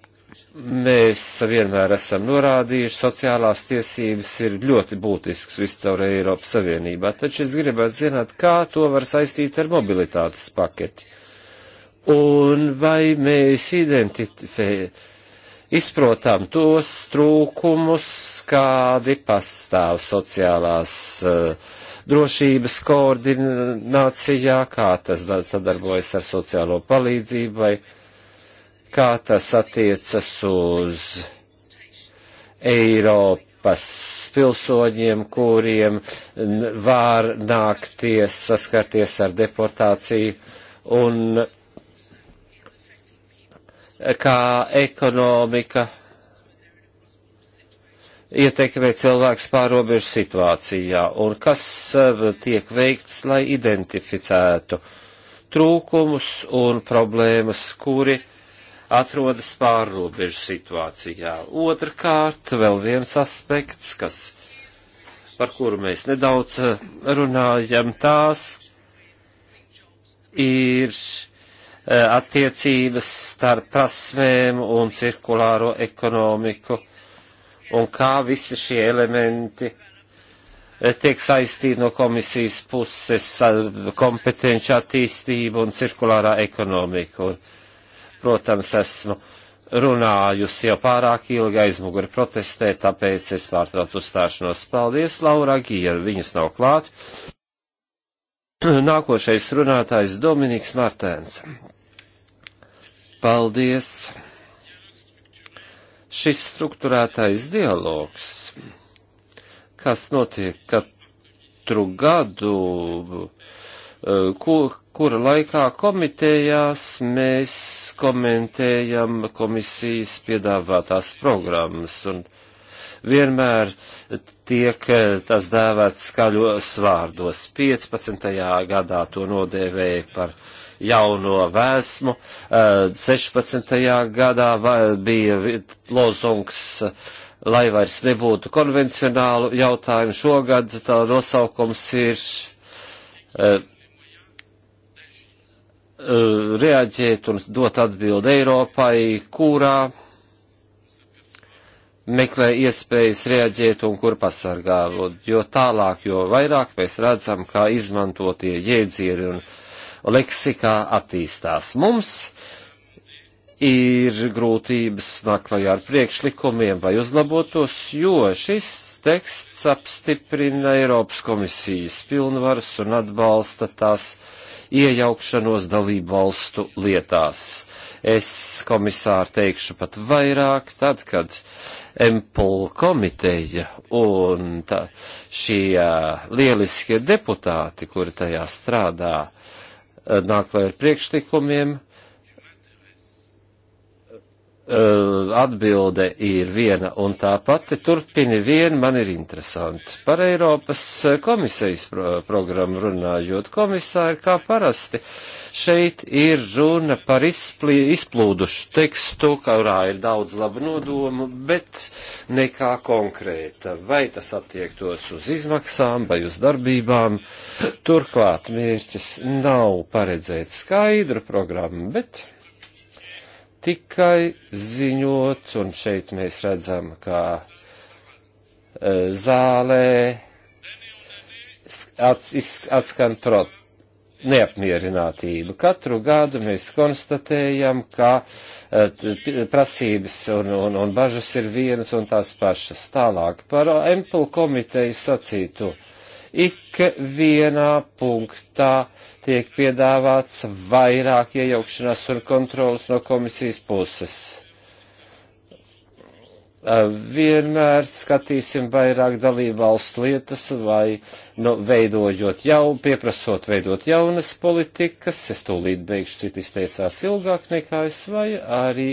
Mēs vienmēr esam norādījuši, sociālās tiesības ir ļoti būtisks viscaur Eiropas Savienībā, taču es gribētu zināt, kā to var saistīt ar mobilitātes paketi. Un vai mēs identificējam izprotam tos trūkumus, kādi pastāv sociālās uh, drošības koordinācijā, kā tas sadarbojas ar sociālo palīdzību vai kā tas attiecas uz Eiropas pilsoņiem, kuriem var nākties saskarties ar deportāciju un kā ekonomika ietekmē cilvēks pārobežu situācijā un kas eh, tiek veikts, lai identificētu trūkumus un problēmas, kuri atrodas pārrobežu situācijā. Otrkārt, vēl viens aspekts, kas, par kuru mēs nedaudz eh, runājam, tās ir eh, attiecības starp prasmēm un cirkulāro ekonomiku un kā visi šie elementi eh, tiek saistīti no komisijas puses kompetenci attīstību un cirkulārā ekonomika. Un, Protams, esmu runājusi jau pārāk ilgi aizmuguri protestē, tāpēc es pārtraucu uzstāšanos. Paldies, Laura Gija, viņas nav klāt. Nākošais runātājs Dominiks Martēns. Paldies. Šis struktūrētais dialogs, kas notiek katru gadu, eh, ko, kura laikā komitējās mēs komentējam komisijas piedāvātās programmas un vienmēr tiek eh, tas dēvēts skaļos vārdos. 15. gadā to nodēvēja par jauno vēsmu, 16. Eh, gadā bija lozungs lai vairs nebūtu konvencionālu jautājumu. Šogad tā nosaukums ir eh, Eh, reaģēt un dot atbildi Eiropai, kurā meklē iespējas reaģēt un kur pasargā. Jo tālāk, jo vairāk mēs redzam, kā izmantotie jēdzieni un leksikā attīstās. Mums ir grūtības naklajā ar priekšlikumiem vai uzlabotos, jo šis teksts apstiprina Eiropas komisijas pilnvaras un atbalsta tās uh, iejaukšanos dalību valstu lietās. Es komisāru teikšu pat vairāk, tad, kad Empul komiteja un tā, šie lieliskie deputāti, kuri tajā strādā, nāk vai ar priekšlikumiem, Eh, atbilde ir viena un tā pati, turpini vien, man ir interesants. Par Eiropas eh, komisijas pro programmu runājot, komisāri kā parasti, šeit ir runa par izplī, izplūdušu tekstu, kurā ir daudz labu nodomu, bet nekā konkrēta. Vai tas attiektos uz izmaksām vai uz darbībām? Turklāt mērķis nav paredzēt skaidru programmu, bet tikai ziņot, un šeit mēs redzam, kā e, zālē atskan prot, neapmierinātība. Katru gadu mēs konstatējam, ka e, prasības un, un, un bažas ir vienas un tās pašas. Tālāk par Empel komiteju sacītu. Uh, ik vienā punktā tiek piedāvāts vairāk iejaukšanās un kontrolas no komisijas puses. Vienmēr skatīsim vairāk dalībvalstu lietas vai nu, veidojot jau, pieprasot veidot jaunas politikas, es tūlīt beigšu, citi izteicās ilgāk nekā es, vai arī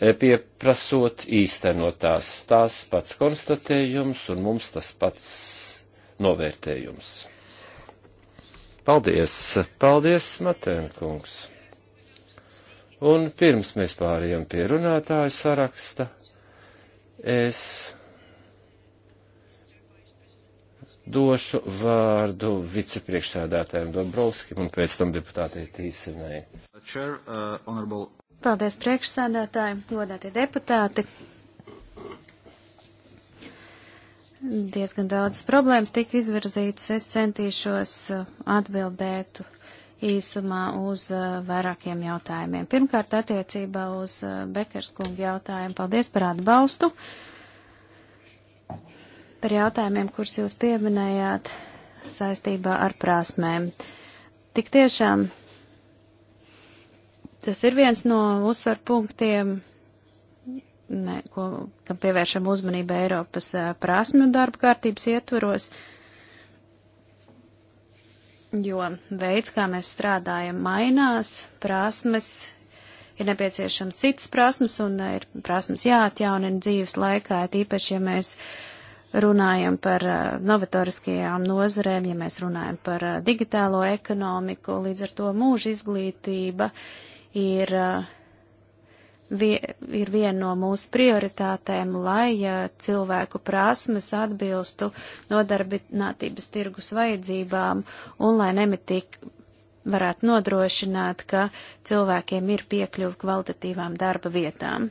e, pieprasot īstenotās tās pats konstatējums un mums tas pats novērtējums. Paldies, paldies, Matēnkungs. Un pirms mēs pārējām pie runātāju saraksta, es došu vārdu vicepriekšsēdētājiem Dobrovskim un pēc tam deputātei Tīsenai. Uh, paldies priekšsēdētāji, godātie deputāti. Diezgan daudz problēmas tika izvirzītas. Es centīšos uh, atbildēt īsumā uz uh, vairākiem jautājumiem. Pirmkārt, attiecībā uz uh, Bekers kungu jautājumu. Paldies par atbalstu. Par jautājumiem, kurus jūs pieminējāt saistībā ar prasmēm. Tik tiešām tas ir viens no uzsvar punktiem ne, ko, kam pievēršam uzmanību Eiropas prasmju darba kārtības ietvaros, jo veids, kā mēs strādājam, mainās, prasmes ir nepieciešams citas prasmes un ir prasmes jāatjaunina dzīves laikā, tīpaši, ja mēs runājam par novatoriskajām nozarēm, ja mēs runājam par digitālo ekonomiku, līdz ar to mūža izglītība ir uh, vie, ir viena no mūsu prioritātēm, lai ja cilvēku prasmes atbilstu nodarbinātības tirgus vajadzībām un lai nemitīgi varētu nodrošināt, ka cilvēkiem ir piekļuvi kvalitatīvām darba vietām.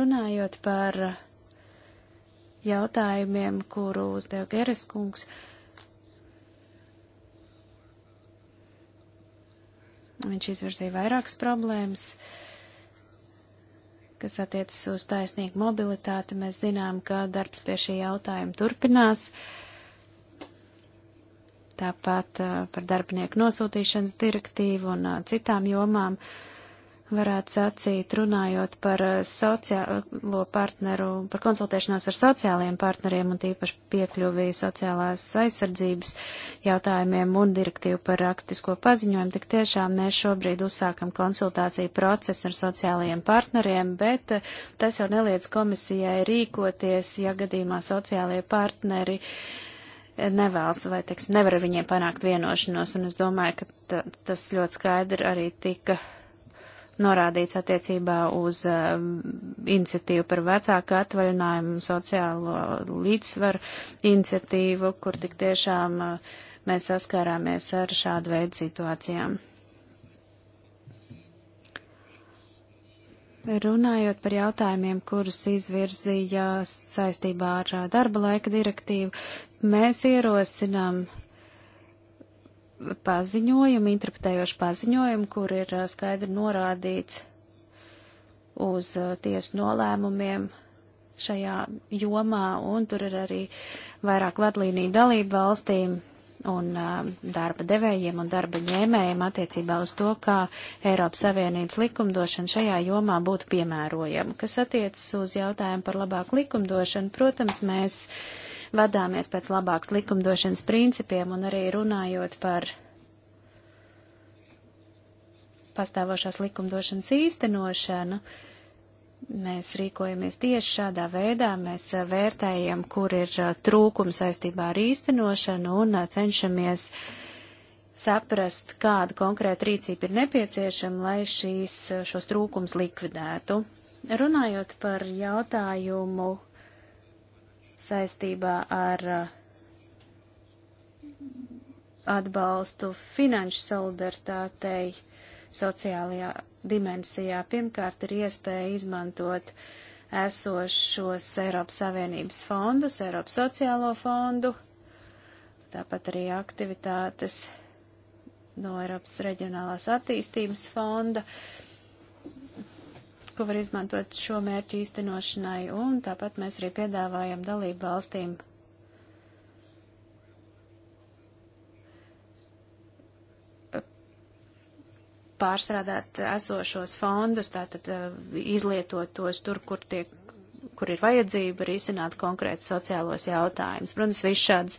Runājot par jautājumiem, kuru uzdev Geres kungs, uh, Viņš izvirzīja vairākas problēmas, kas attiecas uz taisnīgu mobilitāti. Mēs zinām, ka darbs pie šī jautājuma turpinās. Tāpat uh, par darbinieku nosūtīšanas direktīvu un uh, citām jomām. Uh, varētu sacīt, runājot par eh, sociālo partneru, par konsultēšanos ar sociālajiem partneriem un tīpaši piekļuvi sociālās aizsardzības jautājumiem un direktīvu par rakstisko paziņojumu, tik tiešām mēs šobrīd uzsākam konsultāciju procesu ar sociālajiem partneriem, bet eh, tas jau neliedz komisijai rīkoties, ja gadījumā sociālajie partneri nevēlas vai, teiks, nevar ar viņiem panākt vienošanos, un es domāju, ka tas ļoti skaidri arī tika norādīts attiecībā uz um, iniciatīvu par vecāku atvaļinājumu, sociālo līdzsvaru iniciatīvu, kur tik tiešām uh, mēs saskārāmies ar šādu veidu situācijām. Runājot par jautājumiem, kurus izvirzīja saistībā ar uh, darba laika direktīvu, mēs ierosinām paziņojumu, interpretējošu paziņojumu, kur ir skaidri norādīts uz tiesu nolēmumiem šajā jomā, un tur ir arī vairāk vadlīniju dalību valstīm un darba devējiem un darba ņēmējiem attiecībā uz to, kā Eiropas Savienības likumdošana šajā jomā būtu piemērojama. Kas attiecas uz jautājumu par labāku likumdošanu, protams, mēs uh, vadāmies pēc labākas likumdošanas principiem un arī runājot par pastāvošās likumdošanas īstenošanu, mēs rīkojamies tieši šādā veidā. Mēs uh, vērtējam, kur ir uh, trūkums saistībā ar īstenošanu un uh, cenšamies saprast, kāda konkrēta rīcība ir nepieciešama, lai šīs, šos trūkums likvidētu. Runājot par jautājumu, saistībā ar uh, atbalstu finanšu solidaritātei sociālajā dimensijā. Pirmkārt, ir iespēja izmantot esošos Eiropas Savienības fondus, Eiropas sociālo fondu, tāpat arī aktivitātes no Eiropas reģionālās attīstības fonda. Uh, ko var izmantot šo mērķu īstenošanai, un tāpat mēs arī piedāvājam dalību valstīm pārstrādāt esošos fondus, tātad uh, izlietot tos tur, kur tiek kur ir vajadzība risināt konkrēti sociālos jautājumus. Protams, viss šādas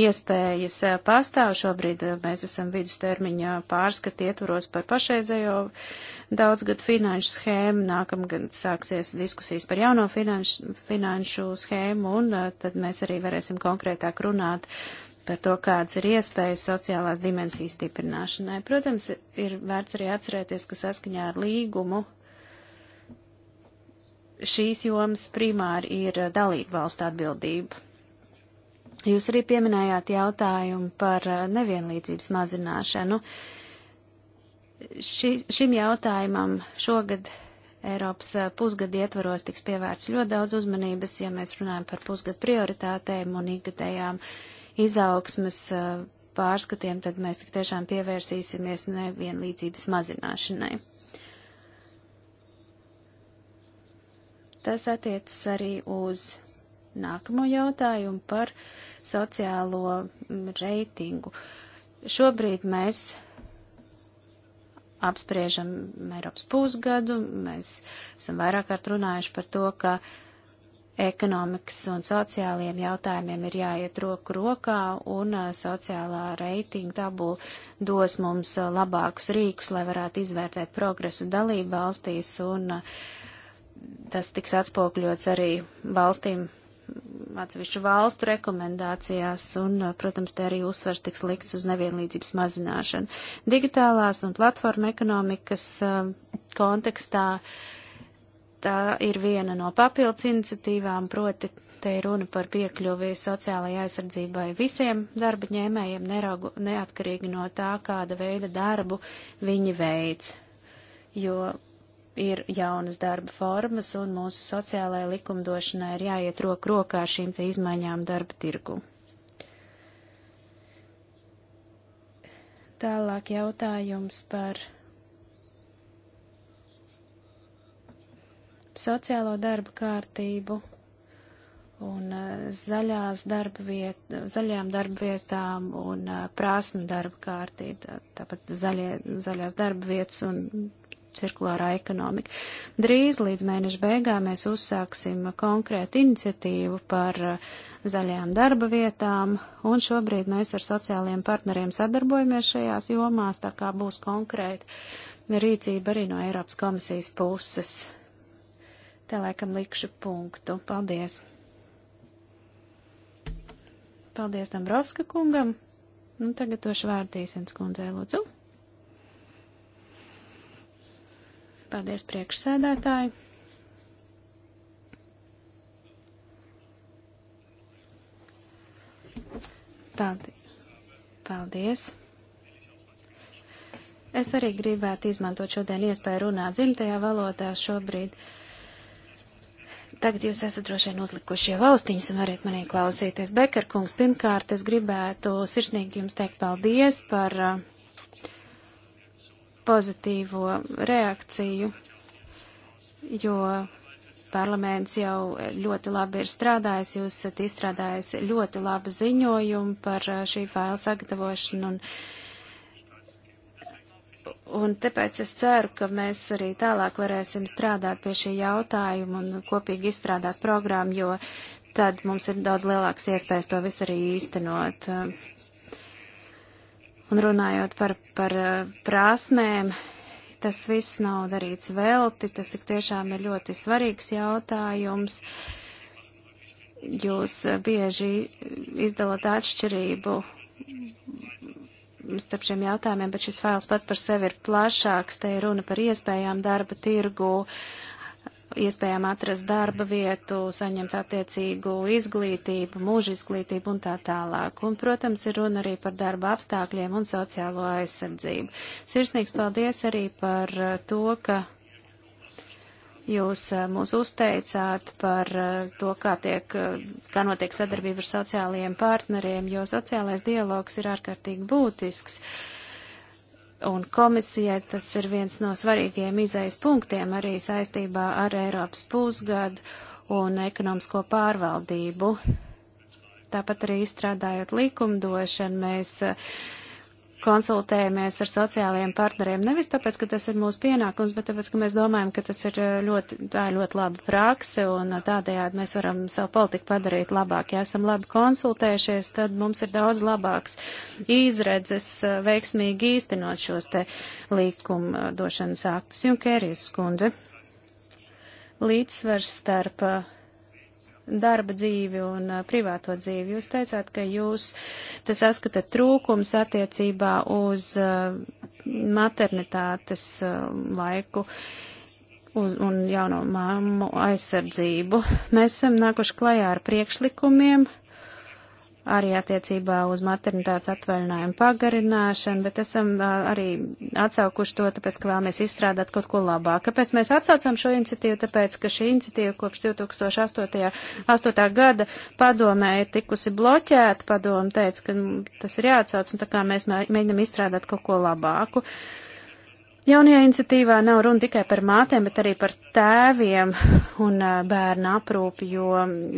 iespējas uh, pastāv. Šobrīd uh, mēs esam vidustermiņa pārskati ietvaros par pašreizējo uh, daudzgadu finanšu schēmu, nākamgad sāksies diskusijas par jauno finanšu, finanšu schēmu, un uh, tad mēs arī varēsim konkrētāk runāt par to, kādas ir iespējas sociālās dimensijas stiprināšanai. Protams, ir vērts arī atcerēties, ka saskaņā ar līgumu šīs jomas primāri ir uh, dalība valstu atbildība. Jūs arī pieminējāt jautājumu par uh, nevienlīdzības mazināšanu. Uh, Ši, šim jautājumam šogad Eiropas eh, pusgada ietvaros tiks pievērts ļoti daudz uzmanības, ja mēs runājam par pusgada prioritātēm un ikgadējām izaugsmas eh, pārskatiem, tad mēs tik tiešām pievērsīsimies nevienlīdzības mazināšanai. Tas attiecas arī uz nākamo jautājumu par sociālo mm, reitingu. Šobrīd mēs apspriežam Eiropas pusgadu, mēs esam vairāk kārt runājuši par to, ka ekonomikas un sociālajiem jautājumiem ir jāiet roku rokā, un sociālā reitinga tabula dos mums labākus rīkus, lai varētu izvērtēt progresu dalību valstīs, un tas tiks atspokļots arī valstīm atsevišķu valstu rekomendācijās, un, eh, protams, te arī uzsvers tiks likts uz nevienlīdzības mazināšanu. Digitālās un platforma ekonomikas eh, kontekstā tā ir viena no papildus iniciatīvām, proti te ir runa par piekļuvi sociālajai aizsardzībai visiem darba ņēmējiem, neraugu, neatkarīgi no tā, kāda veida darbu viņi veids. Jo ir jaunas darba formas, un mūsu sociālajai likumdošanai ir jāiet roku rokā ar šīm te izmaiņām darba tirgu. Tālāk jautājums par sociālo darbu kārtību un uh, zaļās darba viet, zaļajām darba vietām un uh, prāsmu darba kārtību, tāpat zaļie, zaļās darba vietas un cirkulārā ekonomika. Drīz līdz mēneša beigām mēs uzsāksim konkrētu iniciatīvu par eh, zaļajām darba vietām, un šobrīd mēs ar sociālajiem partneriem sadarbojamies šajās jomās, tā kā būs konkrēta rīcība arī no Eiropas komisijas puses. Te laikam likšu punktu. Paldies! Paldies Dambrovska kungam! Nu, tagad došu vārdu Tīsens kundzei, lūdzu. Paldies priekšsēdētāji. Paldies. Paldies. Es arī gribētu izmantot šodien iespēju runāt dzimtajā valodā šobrīd. Tagad jūs esat droši vien uzlikuši jau austiņas un varat manī klausīties. Bekarkungs, pirmkārt, es gribētu sirsnīgi jums teikt paldies par uh, pozitīvo reakciju, jo parlaments jau ļoti labi ir strādājis, jūs esat izstrādājis ļoti labu ziņojumu par uh, šī faila sagatavošanu un, un tāpēc es ceru, ka mēs arī tālāk varēsim strādāt pie šī jautājuma un kopīgi izstrādāt programmu, jo tad mums ir daudz lielāks iespējas to visu arī īstenot. Un runājot par, par eh, prasmēm, tas viss nav darīts velti, tas tik tiešām ir ļoti svarīgs jautājums. Jūs eh, bieži eh, izdalat atšķirību starp šiem jautājumiem, bet šis fails pats par sevi ir plašāks. Te ir runa par iespējām darba tirgu, iespējām atrast darba vietu, saņemt attiecīgu izglītību, mūža izglītību un tā tālāk. Un, protams, ir runa arī par darba apstākļiem un sociālo aizsardzību. Sirsnīgs paldies arī par eh, to, ka jūs eh, mūs uzteicāt par eh, to, kā, tiek, kā notiek sadarbība ar sociālajiem partneriem, jo sociālais dialogs ir ārkārtīgi būtisks. Uh, un komisijai tas ir viens no svarīgiem izaisa punktiem arī saistībā ar Eiropas pusgadu un ekonomisko pārvaldību. Tāpat arī izstrādājot likumdošanu, mēs konsultējamies ar sociālajiem partneriem. Nevis tāpēc, ka tas ir mūsu pienākums, bet tāpēc, ka mēs domājam, ka tas ir eh, ļoti, tā ir ļoti laba prakse un eh, tādējādi mēs varam savu politiku padarīt labāk. Ja esam labi konsultējušies, tad mums ir daudz labāks izredzes eh, veiksmīgi īstenot šos te līkuma došanas aktus. Junkerijas skundze. Līdzsvars starp uh, darba dzīvi un privāto dzīvi. Jūs teicāt, ka jūs te saskatat trūkums attiecībā uz maternitātes laiku un, un jauno māmu aizsardzību. Mēs esam nākuši klajā ar priekšlikumiem, arī attiecībā uz maternitātes atvaļinājumu pagarināšanu, bet esam arī atsaukuši to, tāpēc, ka vēlamies izstrādāt kaut ko labāk. Kāpēc mēs atsaucam šo iniciatīvu? Tāpēc, ka šī iniciatīva kopš 2008. 8. gada padomē ir tikusi bloķēta, padoma teica, ka nu, tas ir jāatsauc, un tā kā mēs mēģinam izstrādāt kaut ko labāku. Uh, Jaunajā iniciatīvā nav runa tikai par mātēm, bet arī par tēviem un bērnu aprūpi, jo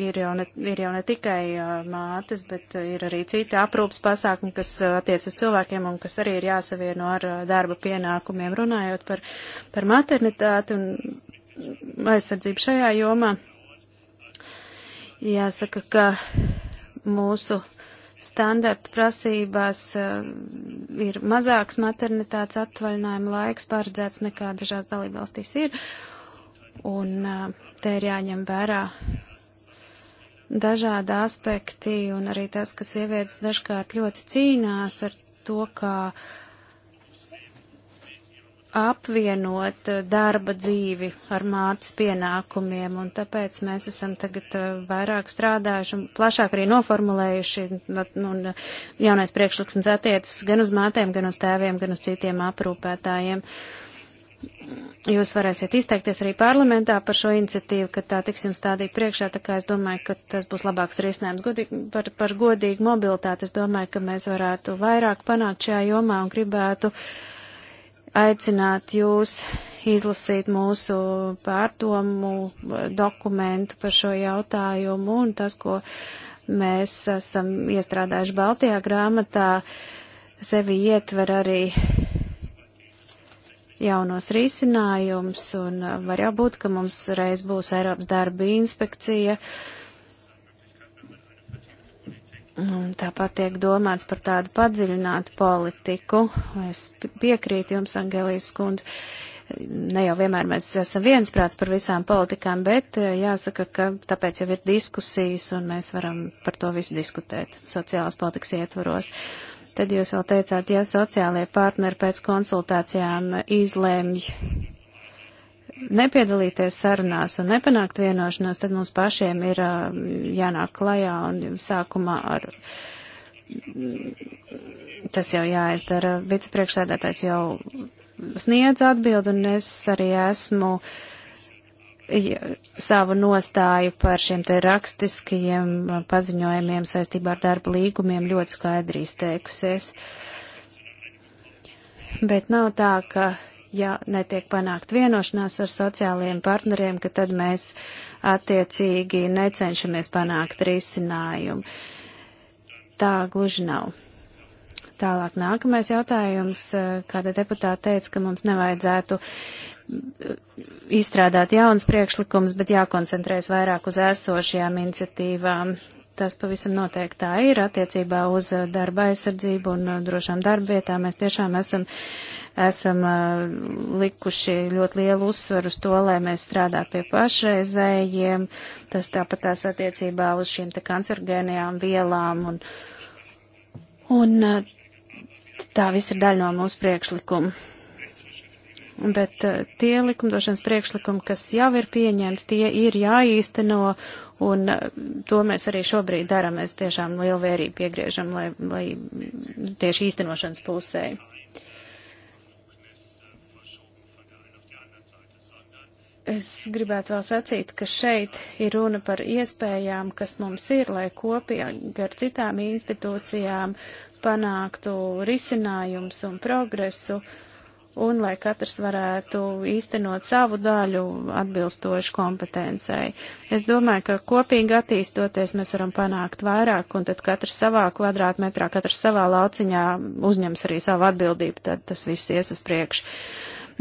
ir jau ne, ir jau ne tikai mātes, bet ir arī citi aprūpas pasākumi, kas attiec uz cilvēkiem un kas arī ir jāsavieno ar darba pienākumiem, runājot par, par maternitāti un aizsardzību šajā jomā. Jāsaka, ka mūsu standarta prasībās eh, ir mazāks maternitātes atvaļinājuma laiks paredzēts nekā dažās dalībvalstīs ir. Un eh, te ir jāņem vērā dažādi aspekti un arī tas, ka sievietes dažkārt ļoti cīnās ar to, kā uh, apvienot eh, darba dzīvi ar mātes pienākumiem, un tāpēc mēs esam tagad eh, vairāk strādājuši un plašāk arī noformulējuši, un eh, jaunais priekšlikums attiecas gan uz mātēm, gan uz tēviem, gan uz citiem aprūpētājiem. Jūs varēsiet izteikties arī parlamentā par šo iniciatīvu, kad tā tiks jums stādīt priekšā, tā kā es domāju, ka tas būs labāks risinājums godīgi, par, par godīgu mobilitāti. Es domāju, ka mēs varētu vairāk panākt šajā jomā un gribētu uh, aicināt jūs izlasīt mūsu pārdomu eh, dokumentu par šo jautājumu un tas, ko mēs esam iestrādājuši Baltijā grāmatā, sevi ietver arī jaunos risinājumus un eh, var jau būt, ka mums reiz būs Eiropas darba inspekcija. Uh, Un tāpat tiek domāts par tādu padziļinātu politiku. Es piekrītu jums, Angelijas kundze. Ne jau vienmēr mēs esam viensprāts par visām politikām, bet eh, jāsaka, ka tāpēc jau ir diskusijas un mēs varam par to visu diskutēt sociālās politikas ietvaros. Tad jūs vēl teicāt, ja sociālie partneri pēc konsultācijām izlemj nepiedalīties sarunās un nepanākt vienošanos, tad mums pašiem ir jānāk klajā un sākumā ar. Tas jau jāizdara. Vicepriekšsēdētājs jau sniedz atbildi, un es arī esmu savu nostāju par šiem te rakstiskajiem paziņojumiem saistībā ar darba līgumiem ļoti skaidri izteikusies. Bet nav tā, ka ja netiek panākt vienošanās ar sociālajiem partneriem, ka tad mēs attiecīgi necenšamies panākt risinājumu. Tā gluži nav. Tālāk nākamais jautājums. Kāda deputāta teica, ka mums nevajadzētu izstrādāt jaunas priekšlikumas, bet jākoncentrēs vairāk uz esošajām iniciatīvām. Tas pavisam noteikti tā ir attiecībā uz uh, darba aizsardzību un uh, drošām darbvietām. Mēs tiešām esam, esam uh, likuši ļoti lielu uzsvaru uz to, lai mēs strādātu pie pašreizējiem. Tas tāpat tās attiecībā uz šīm te kancergēnijām vielām un, un tā viss ir daļa no mūsu priekšlikuma. Bet tie likumdošanas priekšlikumi, kas jau ir pieņemti, tie ir jāīsteno Un eh, to mēs arī šobrīd darām. Mēs tiešām lielu vērību piegriežam, lai, lai tieši īstenošanas pusē. Es gribētu vēl sacīt, ka šeit ir runa par iespējām, kas mums ir, lai kopīgi ar citām institūcijām panāktu risinājums un progresu. Uh, un lai katrs varētu īstenot savu daļu atbilstoši kompetencei. Es domāju, ka kopīgi attīstoties mēs varam panākt vairāk, un tad katrs savā kvadrātmetrā, katrs savā lauciņā uzņems arī savu atbildību, tad tas viss ies uz priekšu.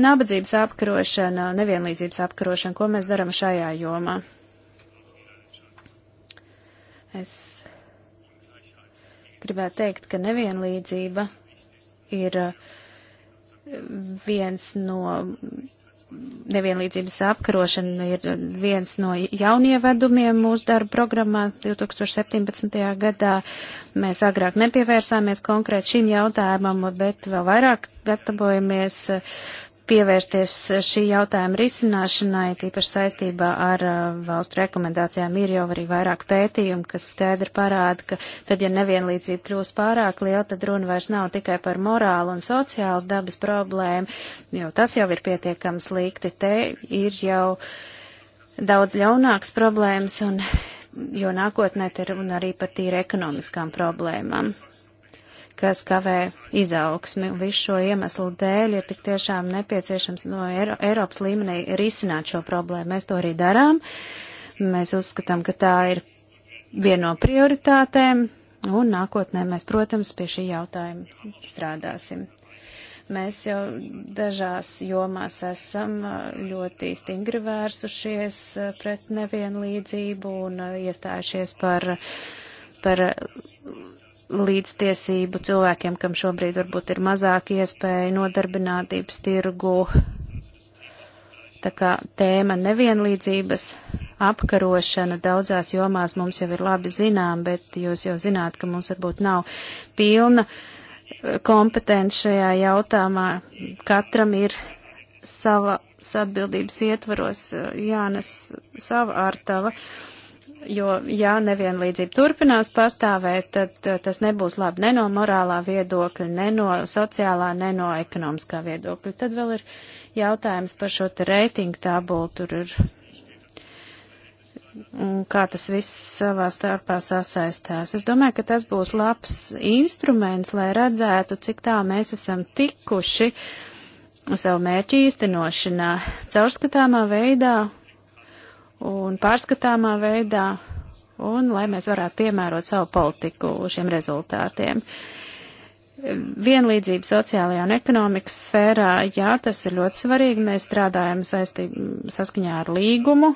Nabadzības apkarošana, nevienlīdzības apkarošana, ko mēs daram šajā jomā? Es gribētu teikt, ka nevienlīdzība ir uh, viens no nevienlīdzības apkarošana ir viens no jaunievedumiem mūsu darba programmā 2017. gadā. Mēs agrāk nepievērsāmies konkrēt šim jautājumam, bet vēl vairāk gatavojamies pievērsties šī jautājuma risināšanai, tīpaši saistībā ar uh, valstu rekomendācijām, ir jau arī vairāk pētījumu, kas skaidri parāda, ka tad, ja nevienlīdzība kļūs pārāk liela, tad runa vairs nav tikai par morālu un sociālas dabas problēmu, jo tas jau ir pietiekami slikti. Te ir jau daudz ļaunāks problēmas, un, jo nākotnē te runa arī par tīri ekonomiskām problēmām kas kavē izaugsmi. Visu šo iemeslu dēļ ir tik tiešām nepieciešams no Eiro, Eiropas līmenī risināt šo problēmu. Mēs to arī darām. Mēs uzskatām, ka tā ir viena no prioritātēm, un nākotnē mēs, protams, pie šī jautājuma strādāsim. Mēs jau dažās jomās esam ļoti stingri vērsušies pret nevienlīdzību un iestājušies par, par līdztiesību cilvēkiem, kam šobrīd varbūt ir mazāk iespēja nodarbinātības tirgu. Tā kā tēma nevienlīdzības apkarošana daudzās jomās mums jau ir labi zinām, bet jūs jau zināt, ka mums varbūt nav pilna eh, kompetence šajā jautājumā. Katram ir sava atbildības ietvaros eh, jānes sava ārtava. Uh, jo, ja nevienlīdzība turpinās pastāvēt, tad tas nebūs labi ne no morālā viedokļa, ne no sociālā, ne no ekonomiskā viedokļa. Tad vēl ir jautājums par šo te reitingu tabulu, tur ir, un kā tas viss savā starpā sasaistās. Es domāju, ka tas būs labs instruments, lai redzētu, cik tā mēs esam tikuši savu mērķu īstenošanā, caurskatāmā veidā un pārskatāmā veidā, un lai mēs varētu piemērot savu politiku šiem rezultātiem. Vienlīdzība sociālajā un ekonomikas sfērā, jā, tas ir ļoti svarīgi. Mēs strādājam saistī, saskaņā ar līgumu,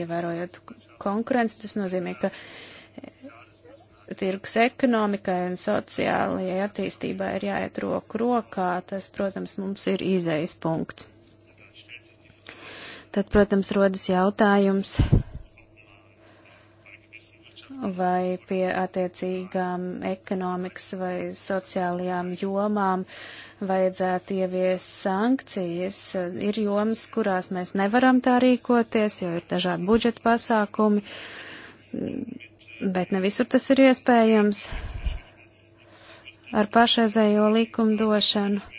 ievērojot konkurenci. Tas nozīmē, ka tirgus ekonomikai un sociālajai attīstībai ir jāiet roku rokā. Tas, protams, mums ir izējas punkts tad, protams, rodas jautājums, vai pie attiecīgām ekonomikas vai sociālajām jomām vajadzētu ieviest sankcijas. Ir jomas, kurās mēs nevaram tā rīkoties, jo ir dažādi budžeta pasākumi, bet ne visur tas ir iespējams ar pašreizējo likumdošanu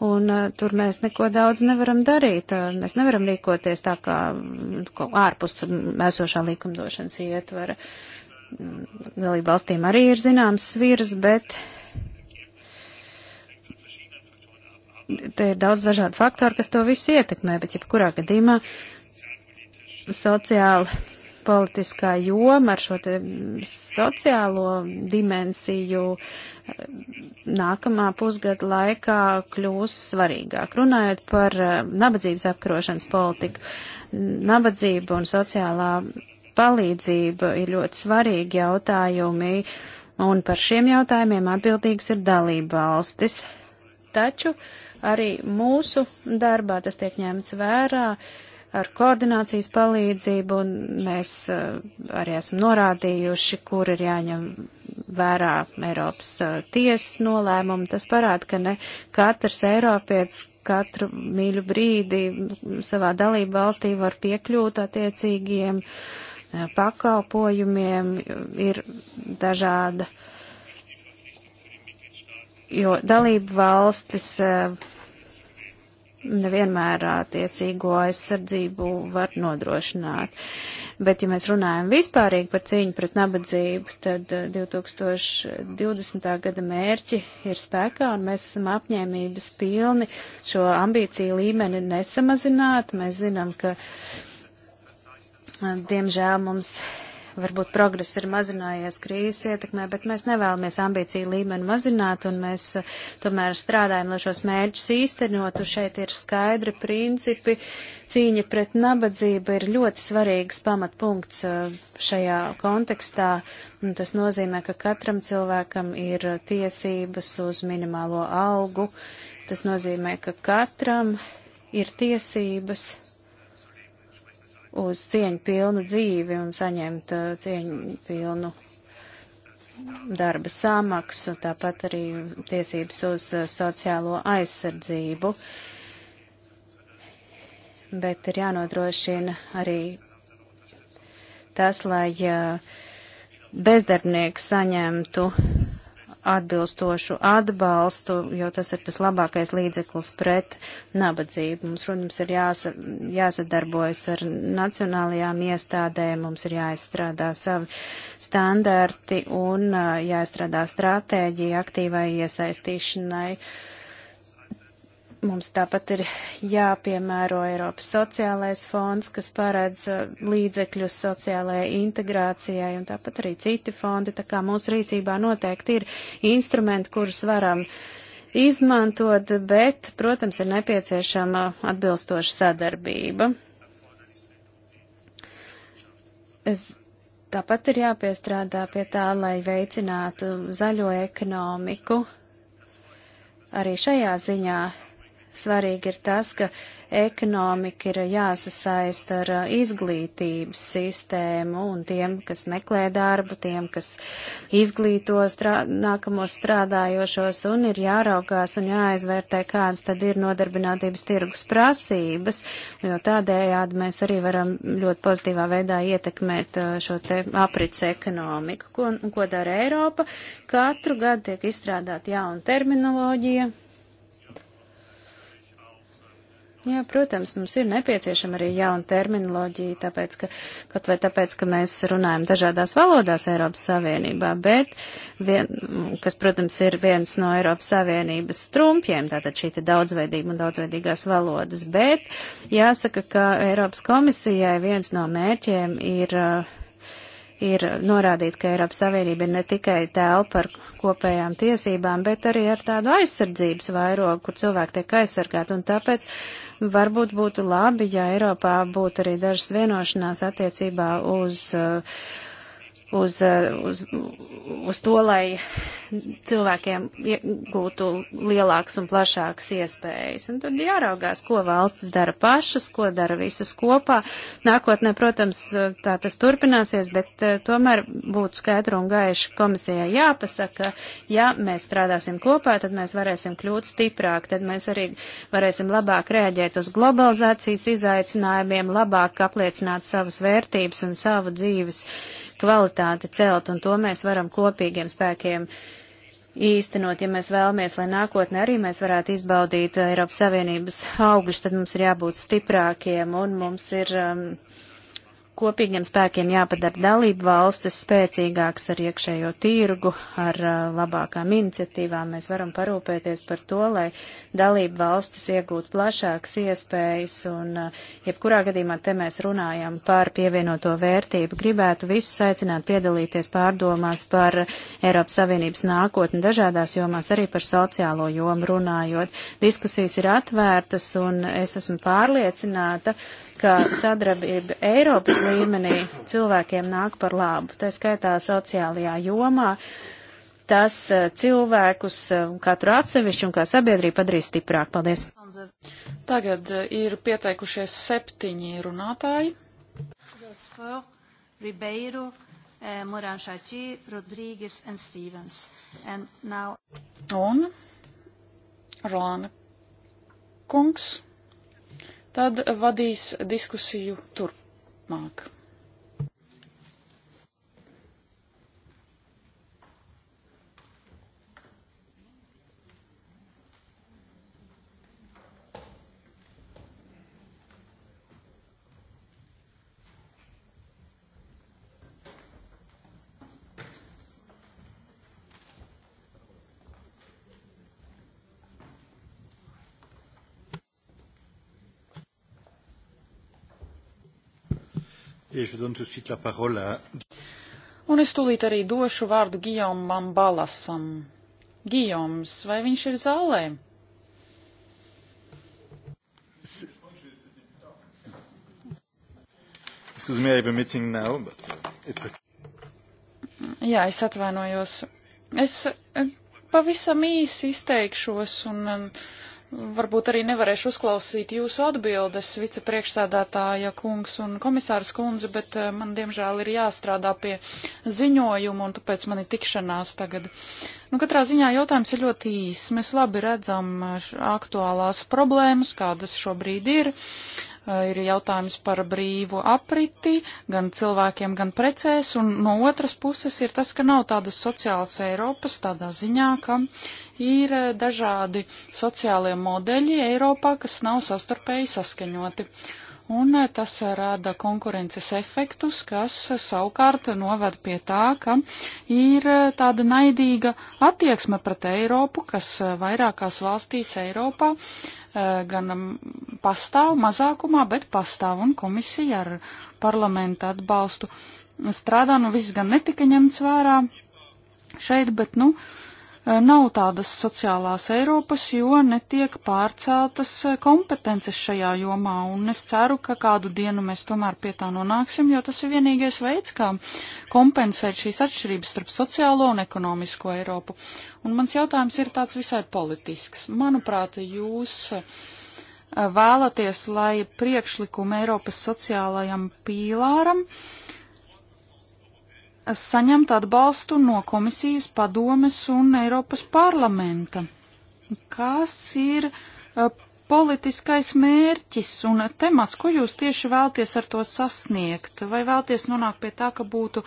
un uh, tur mēs neko daudz nevaram darīt. Uh, mēs nevaram rīkoties tā kā ārpus esošā likumdošanas ietvara. Mm, Dalība valstīm arī ir zināms svirs, bet te ir daudz dažādu faktoru, kas to visu ietekmē, bet jebkurā gadījumā sociāli politiskā joma ar šo te sociālo dimensiju eh, nākamā pusgada laikā kļūs svarīgāk. Runājot par eh, nabadzības apkarošanas politiku, nabadzība un sociālā palīdzība ir ļoti svarīgi jautājumi, un par šiem jautājumiem atbildīgs ir dalība valstis. Taču arī mūsu darbā tas tiek ņemts vērā. Uh, ar koordinācijas palīdzību, un mēs eh, arī esam norādījuši, kur ir jāņem vērā Eiropas eh, tiesas nolēmumu. Tas parāda, ka ne katrs Eiropietis katru mīļu brīdi savā dalību valstī var piekļūt attiecīgiem eh, pakalpojumiem, ir dažāda, jo dalību valstis uh, nevienmēr attiecīgo aizsardzību var nodrošināt. Bet, ja mēs runājam vispārīgi par cīņu pret nabadzību, tad 2020. gada mērķi ir spēkā un mēs esam apņēmības pilni šo ambīciju līmeni nesamazināt. Mēs zinām, ka, diemžēl, mums varbūt progress ir mazinājies krīzes ietekmē, bet mēs nevēlamies ambīciju līmeni mazināt, un mēs eh, tomēr strādājam, lai šos mērķus īstenotu. Šeit ir skaidri principi. Cīņa pret nabadzību ir ļoti svarīgs pamatpunkts eh, šajā kontekstā, un tas nozīmē, ka katram cilvēkam ir tiesības uz minimālo algu. Tas nozīmē, ka katram ir tiesības uz cieņu pilnu dzīvi un saņemt uh, cieņu pilnu darba samaksu, tāpat arī tiesības uz uh, sociālo aizsardzību. Bet ir jānodrošina arī tas, lai uh, bezdarbnieks saņemtu atbilstošu atbalstu, jo tas ir tas labākais līdzeklis pret nabadzību. Mums, protams, ir jāsa, jāsadarbojas ar nacionālajām iestādēm, mums ir jāizstrādā savi standarti un jāizstrādā stratēģija aktīvai iesaistīšanai. Uh, Mums tāpat ir jāpiemēro Eiropas sociālais fonds, kas paredz uh, līdzekļus sociālajai integrācijai, un tāpat arī citi fondi. Tā kā mūsu rīcībā noteikti ir instrumenti, kurus varam izmantot, bet, protams, ir nepieciešama atbilstoša sadarbība. Es tāpat ir jāpiestrādā pie tā, lai veicinātu zaļo ekonomiku. Arī šajā ziņā svarīgi ir tas, ka ekonomika ir jāsasaist ar uh, izglītības sistēmu un tiem, kas meklē darbu, tiem, kas izglīto strā nākamos strādājošos un ir jāraugās un jāizvērtē, kādas tad ir nodarbinātības tirgus prasības, jo tādējādi mēs arī varam ļoti pozitīvā veidā ietekmēt uh, šo te aprits ekonomiku. Ko, ko dara Eiropa? Katru gadu tiek izstrādāt jauna terminoloģija Jā, protams, mums ir nepieciešama arī jauna terminoloģija, tāpēc, ka, kaut vai tāpēc, ka mēs runājam dažādās valodās Eiropas Savienībā, bet, vien, kas, protams, ir viens no Eiropas Savienības trumpiem, tātad šī te daudzveidība un daudzveidīgās valodas, bet jāsaka, ka Eiropas komisijai viens no mērķiem ir uh, ir norādīt, ka Eiropas Savienība ir ne tikai telpa ar kopējām tiesībām, bet arī ar tādu aizsardzības vairogu, kur cilvēki tiek aizsargāti. Un tāpēc Varbūt būtu labi, ja Eiropā būtu arī dažas vienošanās attiecībā uz uh, uz, eh, uz, uz to, lai cilvēkiem iegūtu lielāks un plašāks iespējas. Un tad jāraugās, ko valsts dara pašas, ko dara visas kopā. Nākotnē, protams, tā tas turpināsies, bet eh, tomēr būtu skaidru un gaišu komisijai jāpasaka, ja mēs strādāsim kopā, tad mēs varēsim kļūt stiprāk, tad mēs arī varēsim labāk rēģēt uz globalizācijas izaicinājumiem, labāk apliecināt savas vērtības un savu dzīves kvalitāti celt, un to mēs varam kopīgiem spēkiem īstenot. Ja mēs vēlamies, lai nākotnē arī mēs varētu izbaudīt Eiropas Savienības augļus, tad mums ir jābūt stiprākiem, un mums ir. Um, kopīgiem spēkiem jāpadara dalību valstis spēcīgāks ar iekšējo tirgu, ar labākām iniciatīvām. Mēs varam parūpēties par to, lai dalību valstis iegūtu plašākas iespējas, un jebkurā gadījumā te mēs runājam par pievienoto vērtību. Gribētu visus aicināt piedalīties pārdomās par Eiropas Savienības nākotni dažādās jomās, arī par sociālo jomu runājot. Diskusijas ir atvērtas, un es esmu pārliecināta, ka sadarbība Eiropas līmenī cilvēkiem nāk par labu, tā skaitā sociālajā jomā. Tas eh, cilvēkus eh, katru atsevišķu un kā sabiedrību padarīs stiprāk. Paldies! Tagad eh, ir pieteikušies septiņi runātāji. Ribeiro, Moran Šaķī, Rodrīgas un Stevens. And now... Un Rāna Kungs tad vadīs diskusiju turpmāk. Un es tūlīt arī došu vārdu Gijomam Balasam. Gijoms, vai viņš ir zālē? S Excuse me, I have a meeting now, but uh, it's okay. Jā, es atvainojos. Es eh, pavisam īsi izteikšos un um, varbūt arī nevarēšu uzklausīt jūsu atbildes, vicepriekšsēdētāja kungs un komisārs kundze, bet eh, man diemžēl ir jāstrādā pie ziņojuma un tāpēc man ir tikšanās tagad. Nu, katrā ziņā jautājums ir ļoti īs. Mēs labi redzam eh, aktuālās problēmas, kādas šobrīd ir. Uh, ir jautājums par brīvu apriti gan cilvēkiem, gan precēs, un no otras puses ir tas, ka nav tādas sociālas Eiropas tādā ziņā, ka ir dažādi sociālie modeļi Eiropā, kas nav sastarpēji saskaņoti un tas rada konkurences efektus, kas savukārt noved pie tā, ka ir tāda naidīga attieksme pret Eiropu, kas vairākās valstīs Eiropā Eh, gan mm, pastāv mazākumā, bet pastāv un komisija ar parlamenta atbalstu strādā, nu viss gan netika ņemts vērā šeit, bet, nu, uh, Eh, nav tādas sociālās Eiropas, jo netiek pārceltas eh, kompetences šajā jomā, un es ceru, ka kādu dienu mēs tomēr pie tā nonāksim, jo tas ir vienīgais veids, kā kompensēt šīs atšķirības starp sociālo un ekonomisko Eiropu. Un mans jautājums ir tāds visai politisks. Manuprāt, jūs eh, vēlaties, lai priekšlikumi Eiropas sociālajam pīlāram uh, saņemt atbalstu no komisijas padomes un Eiropas parlamenta, kas ir politiskais mērķis un temats, ko jūs tieši vēlties ar to sasniegt? Vai vēlties nonākt pie tā, ka būtu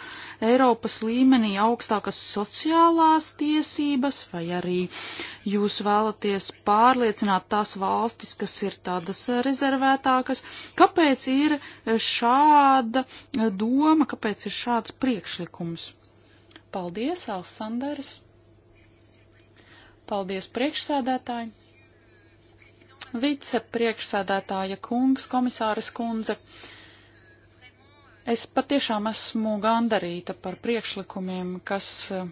Eiropas līmenī augstākas sociālās tiesības, vai arī jūs vēlaties pārliecināt tās valstis, kas ir tādas rezervētākas? Kāpēc ir šāda doma, kāpēc ir šāds priekšlikums? Paldies, Alsanders! Paldies priekšsēdētāji! vicepriekšsēdētāja kungs, komisāres kundze. Es patiešām esmu gandarīta par priekšlikumiem, kas mm,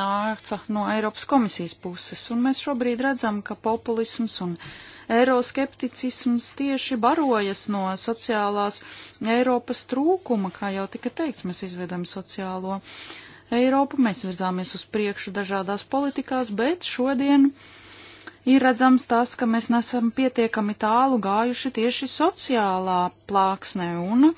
nāca no Eiropas komisijas puses, un mēs šobrīd redzam, ka populisms un eiroskepticisms tieši barojas no sociālās Eiropas trūkuma, kā jau tika teikts, mēs izvedam sociālo Eiropu, mēs virzāmies uz priekšu dažādās politikās, bet šodien uh, ir redzams tas, ka mēs nesam pietiekami tālu gājuši tieši sociālā plāksnē, un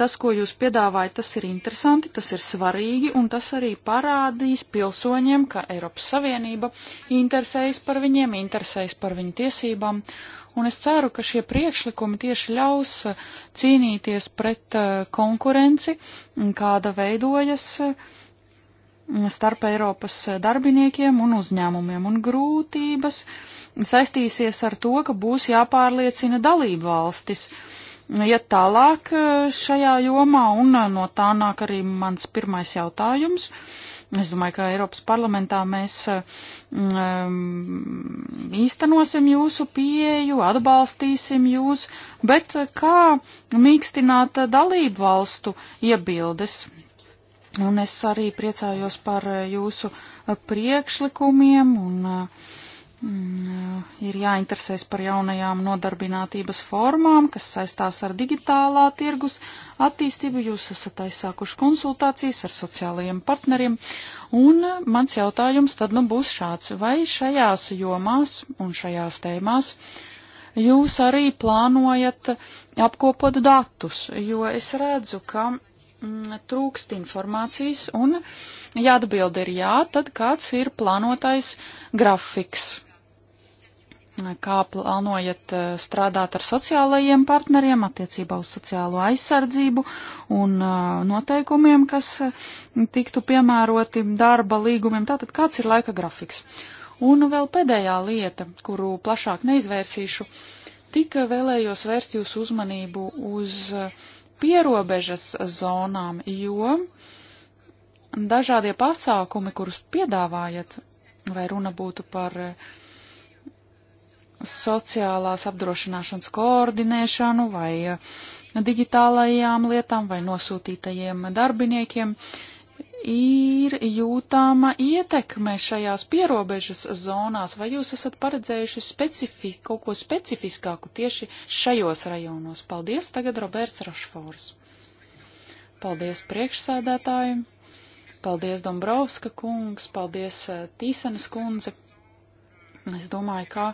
tas, ko jūs piedāvājat, tas ir interesanti, tas ir svarīgi, un tas arī parādīs pilsoņiem, ka Eiropas Savienība interesējas par viņiem, interesējas par viņu tiesībām, un es ceru, ka šie priekšlikumi tieši ļaus uh, cīnīties pret uh, konkurenci, kāda veidojas uh, Mm, starp Eiropas darbiniekiem un uzņēmumiem, un grūtības saistīsies ar to, ka būs jāpārliecina dalību valstis iet tālāk e, šajā jomā, un e, no tā nāk arī mans pirmais jautājums. Es domāju, ka Eiropas parlamentā mēs um, īstenosim jūsu pieeju, atbalstīsim jūs, bet kā mīkstināt dalību valstu iebildes? Un es arī priecājos par eh, jūsu eh, priekšlikumiem un mm, ir jāinteresēs par jaunajām nodarbinātības formām, kas saistās ar digitālā tirgus attīstību. Jūs esat aizsākuši konsultācijas ar sociālajiem partneriem. Un mans jautājums tad nu būs šāds. Vai šajās jomās un šajās tēmās jūs arī plānojat apkopot datus? Jo es redzu, ka Mm, trūkst informācijas, un jāatbild ir jā, tad kāds ir plānotais grafiks. Kā plānojat eh, strādāt ar sociālajiem partneriem attiecībā uz sociālo aizsardzību un eh, noteikumiem, kas eh, tiktu piemēroti darba līgumiem? Tātad kāds ir laika grafiks? Un vēl pēdējā lieta, kuru plašāk neizvērsīšu, tik vēlējos vērst jūsu uzmanību uz uh, pierobežas zonām, jo dažādie pasākumi, kurus piedāvājat, vai runa būtu par eh, sociālās apdrošināšanas koordinēšanu vai eh, digitālajām lietām vai nosūtītajiem darbiniekiem, uh, ir jūtama ietekme šajās pierobežas zonās, vai jūs esat paredzējuši specifiku, kaut ko specifiskāku tieši šajos rajonos? Paldies, tagad Roberts Rašfors. Paldies priekšsēdētājiem, paldies Dombrovska kungs, paldies eh, Tīsenes kundze. Es domāju, ka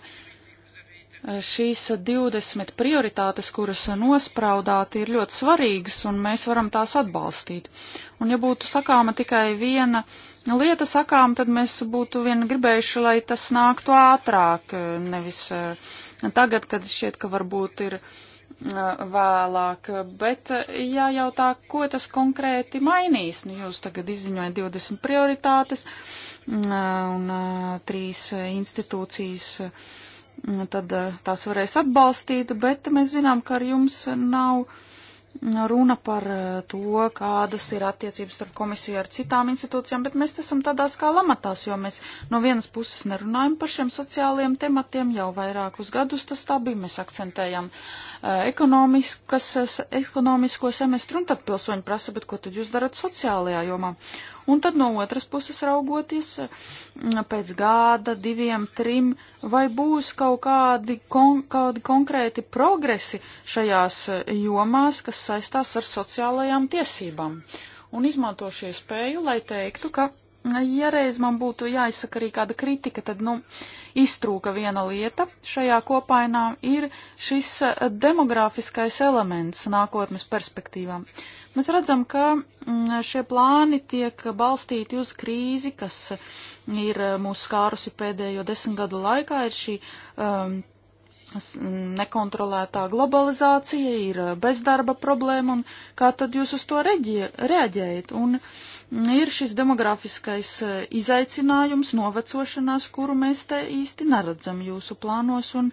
šīs 20 prioritātes, kuras nospraudāt, ir ļoti svarīgas, un mēs varam tās atbalstīt. Un ja būtu sakāma tikai viena lieta sakām, tad mēs būtu vien gribējuši, lai tas nāktu ātrāk, nevis eh, tagad, kad šķiet, ka varbūt ir eh, vēlāk, bet eh, jājautā, ko tas konkrēti mainīs. Nu, jūs tagad izziņojat 20 prioritātes mm, un trīs institūcijas Nu, tad eh, tās varēs atbalstīt, bet mēs zinām, ka ar jums nav runa par eh, to, kādas ir attiecības ar komisiju ar citām institūcijām, bet mēs esam tādās kā lamatās, jo mēs no vienas puses nerunājam par šiem sociālajiem tematiem jau vairākus gadus tas tā bija, mēs akcentējam Eh, ekonomisko semestru, un tad pilsoņi prasa, bet ko tad jūs darat sociālajā jomā? Un tad no otras puses raugoties mm, pēc gada, diviem, trim, vai būs kaut kādi, kon, kādi konkrēti progresi šajās eh, jomās, kas saistās ar sociālajām tiesībām. Un izmanto šie spēju, lai teiktu, ka ja reiz man būtu jāizsaka arī kāda kritika, tad, nu, iztrūka viena lieta šajā kopainā ir šis eh, demografiskais elements nākotnes perspektīvām. Mēs redzam, ka mm, šie plāni tiek balstīti uz krīzi, kas eh, ir eh, mūs skārusi pēdējo desmit gadu laikā, ir šī um, nekontrolētā globalizācija, ir bezdarba problēma, un kā tad jūs uz to reģie, reaģējat? Un, uh, ir šis demografiskais eh, izaicinājums, novecošanās, kuru mēs te īsti neredzam jūsu plānos, un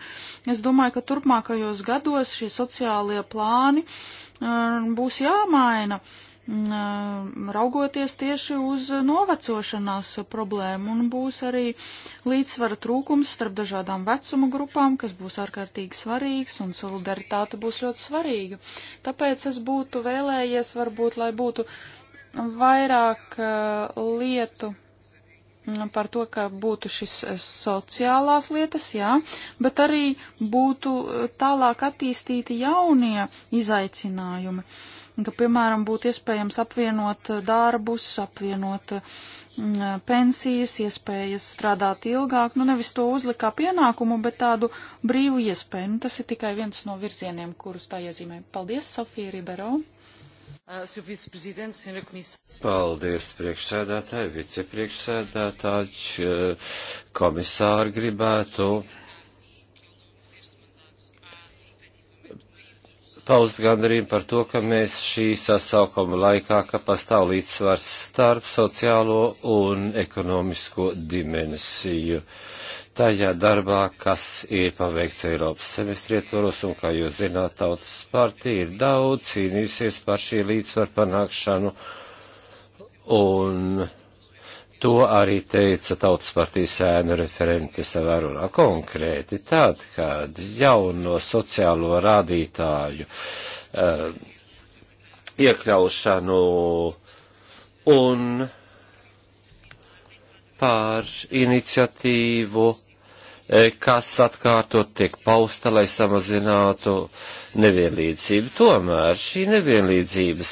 es domāju, ka turpmākajos gados šie sociālie plāni eh, būs jāmaina, mm, eh, raugoties tieši uz novecošanās problēmu, un būs arī līdzsvara trūkums starp dažādām vecuma grupām, kas būs ārkārtīgi svarīgs, un solidaritāte būs ļoti svarīga. Tāpēc es būtu vēlējies varbūt, lai būtu vairāk uh, lietu mm, par to, ka būtu šis uh, sociālās lietas, jā, bet arī būtu uh, tālāk attīstīti jaunie izaicinājumi, ka, piemēram, būtu iespējams apvienot darbus, apvienot mm, pensijas, iespējas strādāt ilgāk, nu nevis to uzlikā pienākumu, bet tādu brīvu iespēju. Nu, tas ir tikai viens no virzieniem, kurus tā iezīmē. Paldies, Sofija Ribero! Uh, Sr. Vice-Presidente, Sra. Comissária. Paldies, priekšsēdētāji, vicepriekšsēdētāji, eh, komisāri gribētu paust gandarījumu par to, ka mēs šī sasaukuma laikā, ka pastāv līdzsvars starp sociālo un ekonomisko dimensiju tajā darbā, kas ir paveikts Eiropas semestri ietvaros, un, kā jūs zināt, tautas partija ir daudz cīnījusies par šī līdzsvaru panākšanu, un to arī teica tautas partijas ēnu referente savā runā. Konkrēti tad, kad jauno sociālo rādītāju uh, iekļaušanu un pār iniciatīvu E, kas atkārtot tiek pausta, lai samazinātu nevienlīdzību. Tomēr šī nevienlīdzības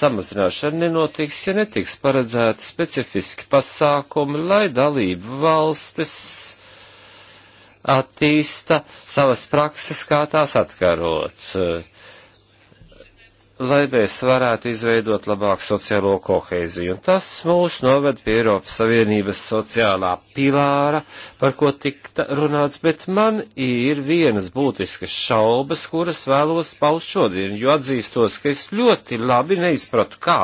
samazināšana nenotiks, ja netiks paredzēti specifiski pasākumi, lai dalību valstis attīsta savas prakses, kā tās atkarot lai mēs varētu izveidot labāku sociālo koheiziju. Un tas mūs noved pie Eiropas Savienības sociālā pilāra, par ko tik runāts, bet man ir vienas būtiskas šaubas, kuras vēlos paust šodien, jo atzīstos, ka es ļoti labi neizpratu, kā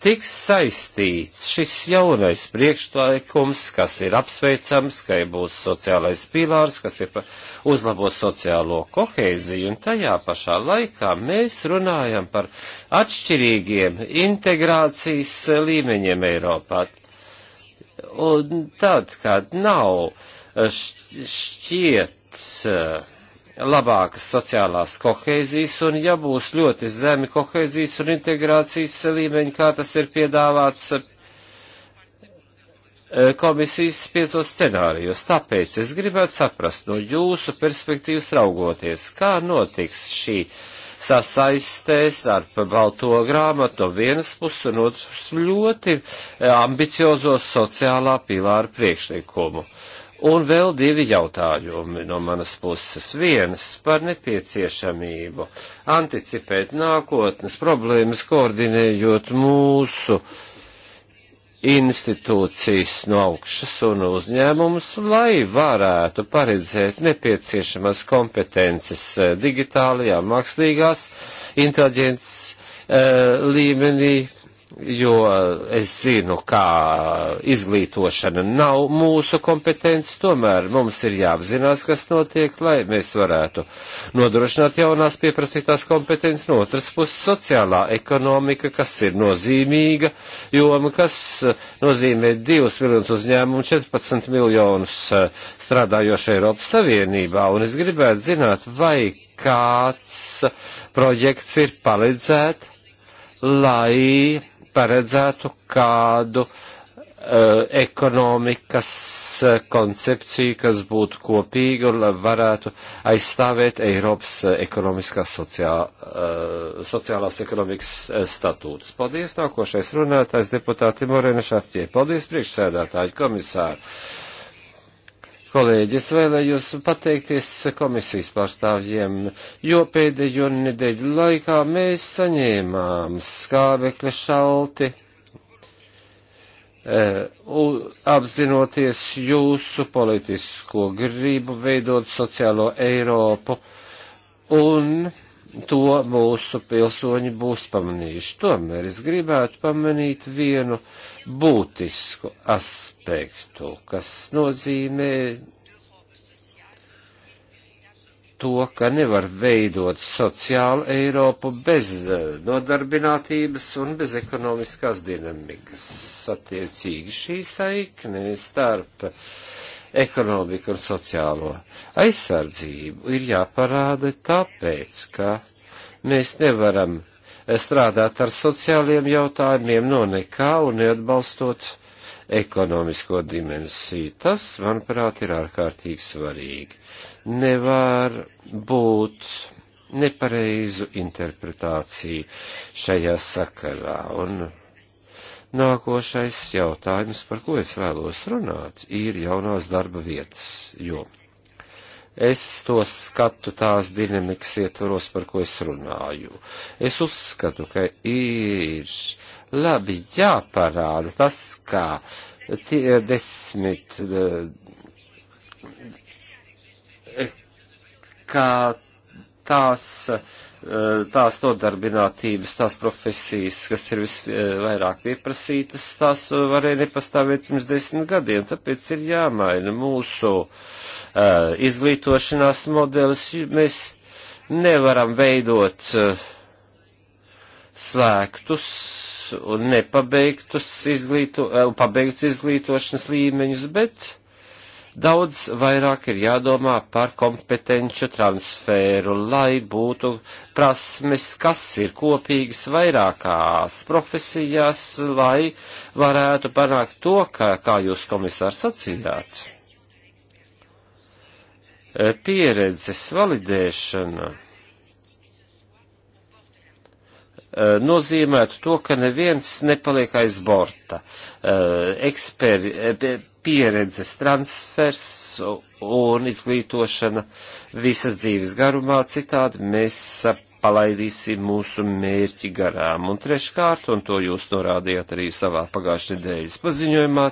tiks saistīts šis jaunais priekšlaikums, kas ir apsveicams, ka būs sociālais pīlārs, kas ir uzlabos sociālo koheiziju, un tajā pašā laikā mēs runājam par atšķirīgiem integrācijas līmeņiem Eiropā. Un tad, kad nav šķiet labākas sociālās kohēzijas, un ja būs ļoti zemi kohēzijas un integrācijas līmeņi, kā tas ir piedāvāts e, komisijas piecos scenārijos. Tāpēc es gribētu saprast no jūsu perspektīvas raugoties, kā notiks šī sasaistēs ar balto grāmatu no vienas puses un otras ļoti ambiciozo sociālā pilāra priekšlikumu. Uh, Un vēl divi jautājumi no manas puses. Viens par nepieciešamību anticipēt nākotnes problēmas, koordinējot mūsu institūcijas no augšas un uzņēmumus, lai varētu paredzēt nepieciešamas kompetences eh, digitālajā, mākslīgās, inteliģences eh, līmenī, jo es zinu, kā izglītošana nav mūsu kompetence, tomēr mums ir jāapzinās, kas notiek, lai mēs varētu nodrošināt jaunās pieprasītās kompetences, no otras puses sociālā ekonomika, kas ir nozīmīga, jo kas nozīmē 2 miljonus uzņēmumu, 14 miljonus eh, strādājošu Eiropas Savienībā, un es gribētu zināt, vai kāds projekts ir palīdzēt, lai paredzētu kādu uh, ekonomikas eh, koncepciju, kas būtu kopīga un varētu aizstāvēt Eiropas eh, ekonomiskās sociā, uh, sociālās ekonomikas statūtus. Paldies, nākošais runātājs deputāti Morena Šafķie. Paldies, priekšsēdētāji, komisāri. Kolēģi, es vēlējos pateikties komisijas pārstāvjiem, jo pēdējo nedēļu laikā mēs saņēmām skābekļa šalti, e, apzinoties jūsu politisko gribu veidot sociālo Eiropu un to mūsu pilsoņi būs pamanījuši. Tomēr es gribētu pamanīt vienu būtisku aspektu, kas nozīmē to, ka nevar veidot sociālu Eiropu bez eh, nodarbinātības un bez ekonomiskās dinamikas. Attiecīgi šī saikne starp uh, ekonomiku un sociālo aizsardzību ir jāparāda tāpēc, ka mēs nevaram strādāt ar sociāliem jautājumiem no nekā un neatbalstot ekonomisko dimensiju. Tas, manuprāt, ir ārkārtīgi svarīgi. Nevar būt nepareizu interpretāciju šajā sakarā. Un Nākošais jautājums, par ko es vēlos runāt, ir jaunās darba vietas, jo es to skatu tās dinamikas ietvaros, par ko es runāju. Es uzskatu, ka ir labi jāparāda tas, kā tie desmit, eh, kā tās uh, Eh, tās nodarbinātības, tās profesijas, kas ir visvairāk pieprasītas, tās varēja nepastāvēt pirms desmit gadiem. Tāpēc ir jāmaina mūsu uh, izglītošanās modelis. Mēs nevaram veidot uh, slēgtus un nepabeigtus izglīto, uh, pabeigtus izglītošanas līmeņus, bet Daudz vairāk ir jādomā par kompetenču transferu, lai būtu prasmes, kas ir kopīgas vairākās profesijās, lai varētu panākt to, ka, kā jūs komisārs sacījāt. E, pieredzes validēšana e, nozīmētu to, ka neviens nepaliek aiz borta. E, Eksperi, pieredzes transfers un izglītošana visas dzīves garumā, citādi mēs palaidīsim mūsu mērķi garām. Un treškārt, un to jūs norādījāt arī savā pagājušajā nedēļas paziņojumā,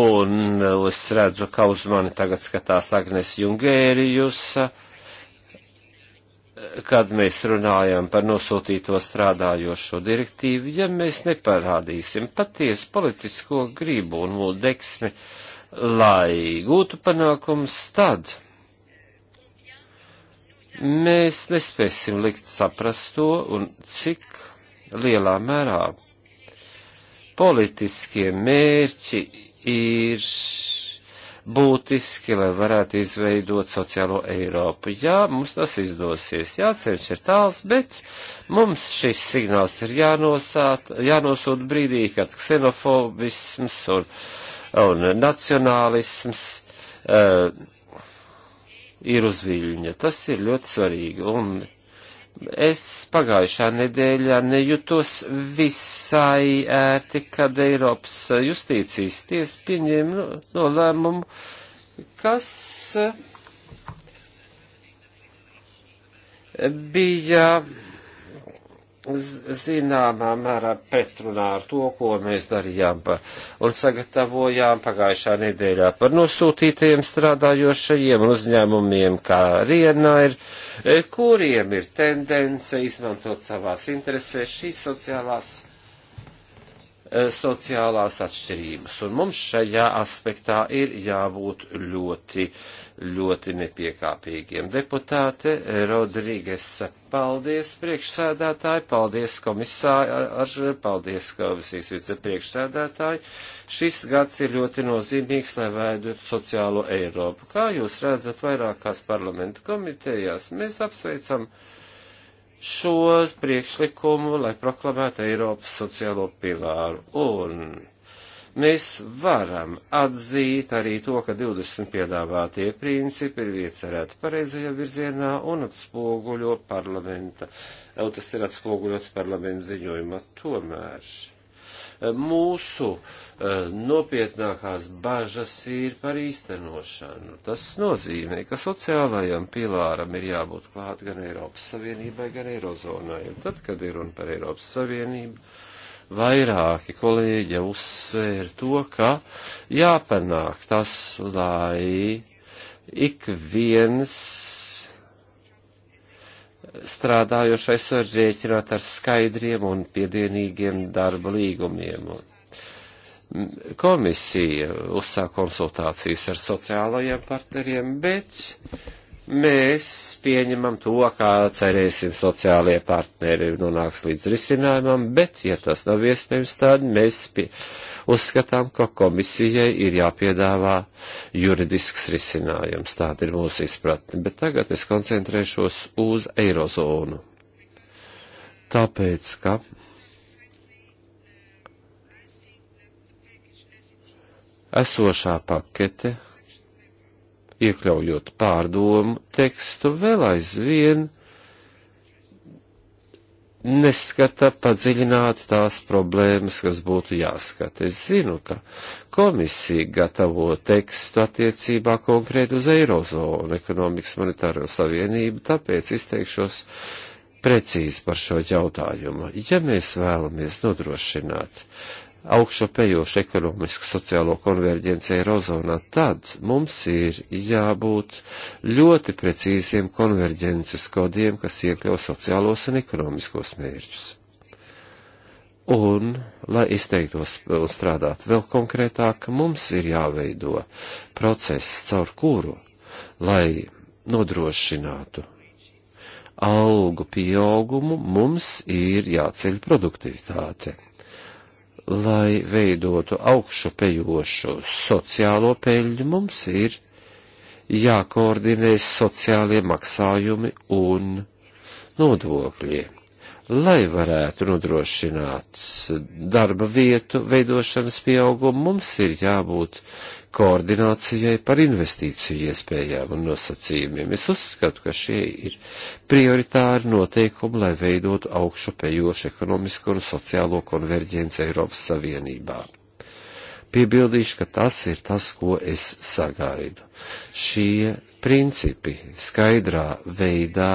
un es redzu, ka uz mani tagad skatās Agnes Jungērijus, uh, kad mēs runājam par nosūtīto strādājošo direktīvu, ja mēs neparādīsim patiesu politisko gribu un mūsu deksmi, lai gūtu panākums, tad mēs nespēsim likt saprast to un cik lielā mērā politiskie mērķi ir būtiski, lai varētu izveidot sociālo Eiropu. Jā, mums tas izdosies, jā, ceļš ir tāls, bet mums šis signāls ir jānosāt, jānosūt brīdī, kad ksenofobisms un, un nacionālisms uh, ir uz viļņa. Tas ir ļoti svarīgi. Un Es pagājušā nedēļā nejutos visai ērti, kad Eiropas justīcijas tiesa pieņēma nolēmumu, kas bija zināmā mērā pretrunā ar to, ko mēs darījām pa, un sagatavojām pagājušā nedēļā par nosūtītajiem strādājošajiem un uzņēmumiem, kā Rienā ir, e, kuriem ir tendence izmantot savās interesēs šīs sociālās Eh, sociālās atšķirības. Un mums šajā aspektā ir jābūt ļoti, ļoti nepiekāpīgiem. Deputāte Rodrīgas, paldies priekšsēdētāji, paldies komisāri, paldies komisijas vicepriekšsēdētāji. Šis gads ir ļoti nozīmīgs, lai veidotu sociālo Eiropu. Kā jūs redzat, vairākās parlamentu komitejās mēs apsveicam šo priekšlikumu, lai proklamētu Eiropas sociālo pilāru. Un mēs varam atzīt arī to, ka 20 piedāvātie principi ir iecerēti pareizajā virzienā un atspoguļo parlamenta. Jau tas ir atspoguļots parlamenta ziņojumā tomēr Mūsu eh, nopietnākās bažas ir par īstenošanu. Tas nozīmē, ka sociālajam pilāram ir jābūt klāt gan Eiropas Savienībai, gan Eirozonai. Un tad, kad ir runa par Eiropas Savienību, vairāki kolēģi jau uzsvēra to, ka jāpanāk tas, lai ik viens strādājošais var rēķināt ar skaidriem un piedienīgiem darba līgumiem. Komisija uzsāk konsultācijas ar sociālajiem partneriem, bet mēs pieņemam to, kā cerēsim sociālie partneri nonāks līdz risinājumam, bet, ja tas nav iespējams tādi, mēs pie, uzskatām, ka komisijai ir jāpiedāvā juridisks risinājums. Tāda ir mūsu izpratne. Bet tagad es koncentrēšos uz eirozonu. Tāpēc, ka esošā pakete iekļaujot pārdomu tekstu, vēl aizvien neskata padziļināt tās problēmas, kas būtu jāskata. Es zinu, ka komisija gatavo tekstu attiecībā konkrēti uz Eirozonu, ekonomikas monetāro savienību, tāpēc izteikšos precīzi par šo jautājumu. Ja mēs vēlamies nodrošināt augšupejošu ekonomisku sociālo konverģenci Eirozonā, tad mums ir jābūt ļoti precīziem konverģences kodiem, kas iekļaus sociālos un ekonomiskos mērķus. Un, lai izteiktos un strādātu vēl konkrētāk, mums ir jāveido process, caur kuru, lai nodrošinātu algu pieaugumu, mums ir jāceļ produktivitāte lai veidotu augšupejošu sociālo peļņu, mums ir jākoordinē sociālie maksājumi un nodokļi, lai varētu nodrošināt darba vietu veidošanas pieaugumu, mums ir jābūt koordinācijai par investīciju iespējām un nosacījumiem. Es uzskatu, ka šie ir prioritāri noteikumi, lai veidotu augšupējošu ekonomisko un sociālo konverģenci Eiropas Savienībā. Piebildīšu, ka tas ir tas, ko es sagaidu. Šie principi skaidrā veidā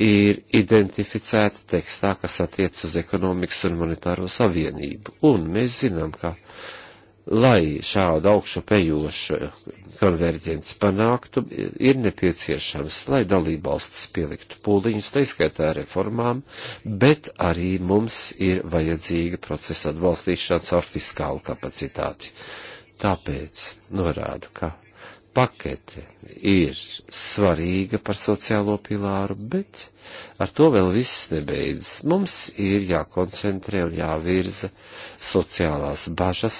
ir identificēti tekstā, kas attiec uz ekonomikas un monetāro savienību. Un mēs zinām, ka lai šādu augšu pejošu konverģents panāktu, ir nepieciešams, lai dalībvalstis pieliktu pūliņus, tā izskaitā reformām, bet arī mums ir vajadzīga procesa atbalstīšana caur fiskālu kapacitāti. Tāpēc norādu, ka pakete ir svarīga par sociālo pilāru, bet ar to vēl viss nebeidzas. Mums ir jākoncentrē un jāvirza sociālās bažas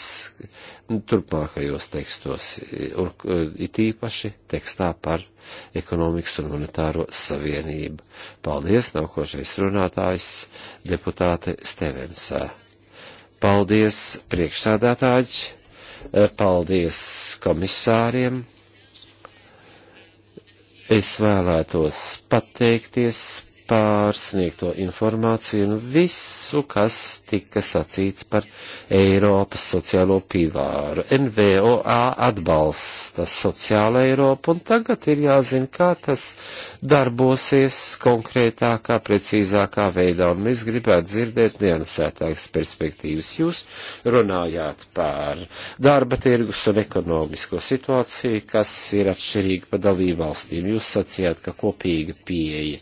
turpmākajos tekstos, un eh, it īpaši tekstā par ekonomikas un monetāro savienību. Paldies, nākošais runātājs, deputāte Stevensā. Paldies, priekšsādātāji! Eh, paldies komisāriem! Es vēlētos pateikties pārsniegto informāciju un visu, kas tika sacīts par Eiropas sociālo pīlāru. NVOA atbalsta sociāla Eiropu un tagad ir jāzina, kā tas darbosies konkrētākā, precīzākā veidā un mēs gribētu dzirdēt niansētākas perspektīvas. Jūs runājāt par darba tirgus un ekonomisko situāciju, kas ir atšķirīga pa dalībvalstīm. Jūs sacījāt, ka kopīga pieeja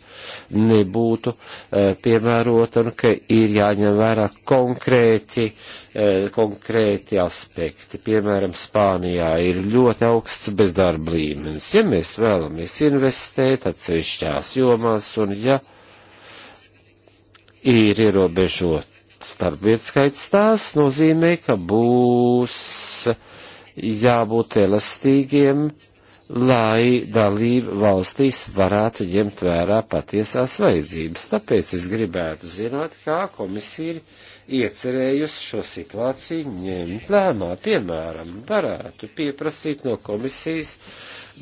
ne būtu e, piemērota un ka ir jāņem vērā konkrēti, e, konkrēti aspekti. Piemēram, Spānijā ir ļoti augsts bezdarba līmenis. Ja mēs vēlamies investēt atsevišķās jomās un ja ir ierobežot starpvietu skaits, tās nozīmē, ka būs jābūt elastīgiem lai dalība valstīs varētu ņemt vērā patiesās vajadzības. Tāpēc es gribētu zināt, kā komisija ir iecerējusi šo situāciju ņemt lēmā. Piemēram, varētu pieprasīt no komisijas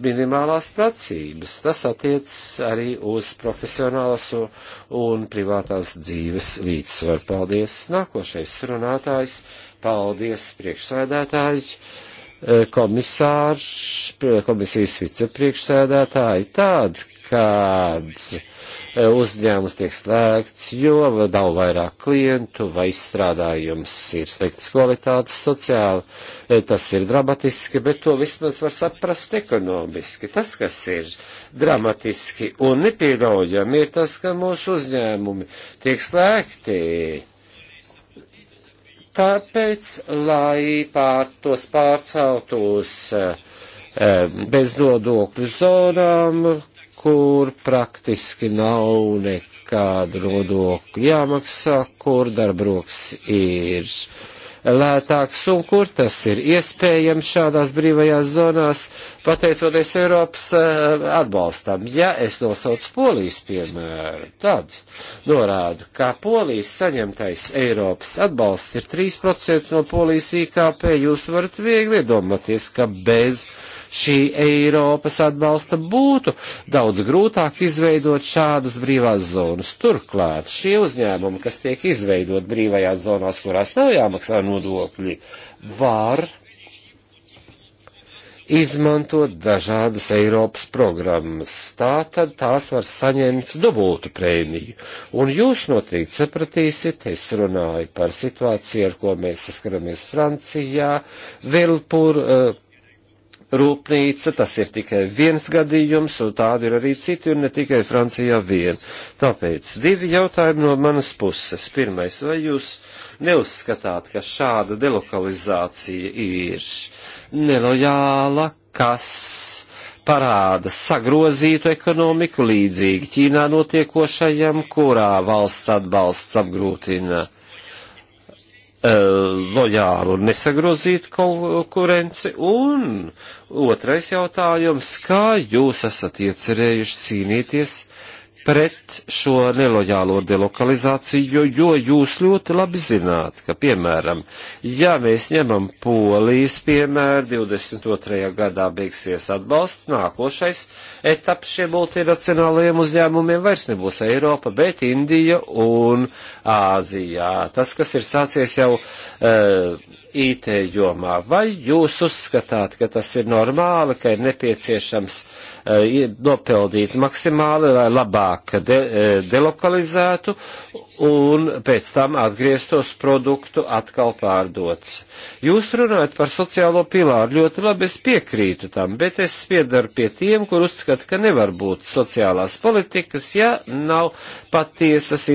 minimālās pracības. Tas attiecas arī uz profesionālas un privātās dzīves līdzsvaru. Paldies! Nākošais runātājs. Paldies, priekšsēdētāji! E, komisārs, e, komisijas vicepriekšsēdētāji tāds, kāds e, uzņēmums tiek slēgts, jo nav vairāk klientu vai izstrādājums ir sliktas kvalitātes sociāli. Tas ir dramatiski, bet to vismaz var saprast ekonomiski. Tas, kas ir dramatiski un nepieļaujami, ir tas, ka mūsu uzņēmumi tiek slēgti Tāpēc, lai pār tos pārceltu uz eh, beznodokļu zonām, kur praktiski nav nekādu nodokļu jāmaksā, kur darbroks ir uh, lētāks un kur tas ir iespējams šādās brīvajās zonās, pateicoties Eiropas eh, atbalstam. Ja es nosaucu Polijas piemēru, tad norādu, ka Polijas saņemtais Eiropas atbalsts ir 3% no Polijas IKP. Jūs varat viegli iedomāties, ka bez šī Eiropas atbalsta būtu daudz grūtāk izveidot šādas brīvās zonas. Turklāt šie uzņēmumi, kas tiek izveidot brīvajās zonās, kurās nav jāmaksā nodokļi, var izmantot dažādas Eiropas programmas. Tā tad tās var saņemt dubultu prēmiju. Un jūs noteikti sapratīsiet, es runāju par situāciju, ar ko mēs saskaramies Francijā, Vilpur, uh, eh, rūpnīca, tas ir tikai viens gadījums, un tādi ir arī citi, un ne tikai Francijā vien. Tāpēc divi jautājumi no manas puses. Pirmais, vai jūs neuzskatāt, ka šāda delokalizācija ir nelojāla, kas parāda sagrozītu ekonomiku līdzīgi Ķīnā notiekošajam, kurā valsts atbalsts apgrūtina Eh, lojālu un nesagrozītu konkurenci? Un otrais jautājums, kā jūs esat iecerējuši cīnīties pret šo nelojālo delokalizāciju, jo, jo jūs ļoti labi zināt, ka, piemēram, ja mēs ņemam polijas piemēru, 22. gadā beigsies atbalsts, nākošais etaps šiem multinacionālajiem uzņēmumiem vairs nebūs Eiropa, bet Indija un Āzijā. Tas, kas ir sācies jau. Uh, eh, IT jomā. Vai jūs uzskatāt, ka tas ir normāli, ka ir nepieciešams Eh, nopildīt maksimāli, lai labāk de, eh, delokalizētu un pēc tam atgrieztos produktu atkal pārdots. Jūs runājat par sociālo pilāru, ļoti labi es piekrītu tam, bet es piedaru pie tiem, kur uzskata, ka nevar būt sociālās politikas, ja nav patiesas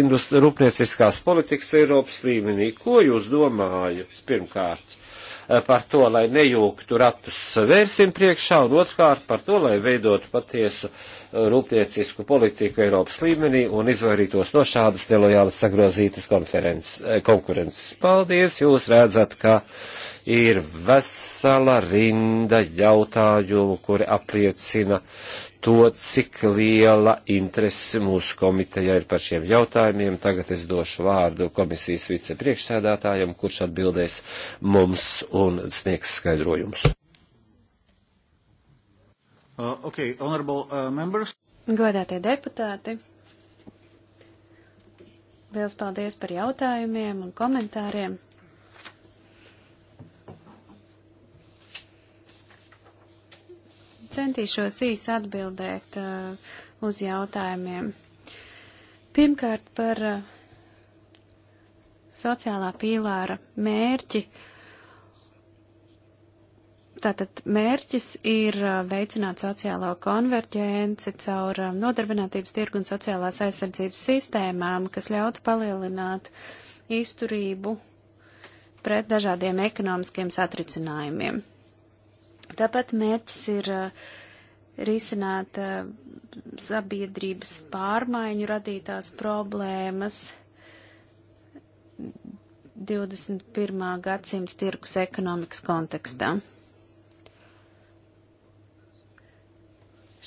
rūpnieciskās politikas Eiropas līmenī. Ko jūs domājat pirmkārt? Eh, par to, lai nejūktu ratus vērsim priekšā, un otrkārt par to, lai veidotu patiesu eh, rūpniecisku politiku Eiropas līmenī un izvairītos no šādas nelojālas sagrozītas eh, konkurences. Paldies, jūs redzat, ka ir vesela rinda jautājumu, kuri apliecina to, cik liela interese mūsu komitejā ir par šiem jautājumiem. Tagad es došu vārdu komisijas vicepriekšsēdētājam, kurš atbildēs mums un sniegs skaidrojumus. Uh, okay, honorable uh, members. Godātie deputāti, liels paldies par jautājumiem un komentāriem. centīšos īsi atbildēt uh, uz jautājumiem. Pirmkārt par uh, sociālā pīlāra mērķi. Tātad mērķis ir uh, veicināt sociālo konverģenci caur uh, nodarbinātības tirgu un sociālās aizsardzības sistēmām, kas ļautu palielināt izturību pret dažādiem ekonomiskiem satricinājumiem. Tāpat mērķis ir uh, risināt uh, sabiedrības pārmaiņu radītās problēmas 21. gadsimta tirkus ekonomikas kontekstā.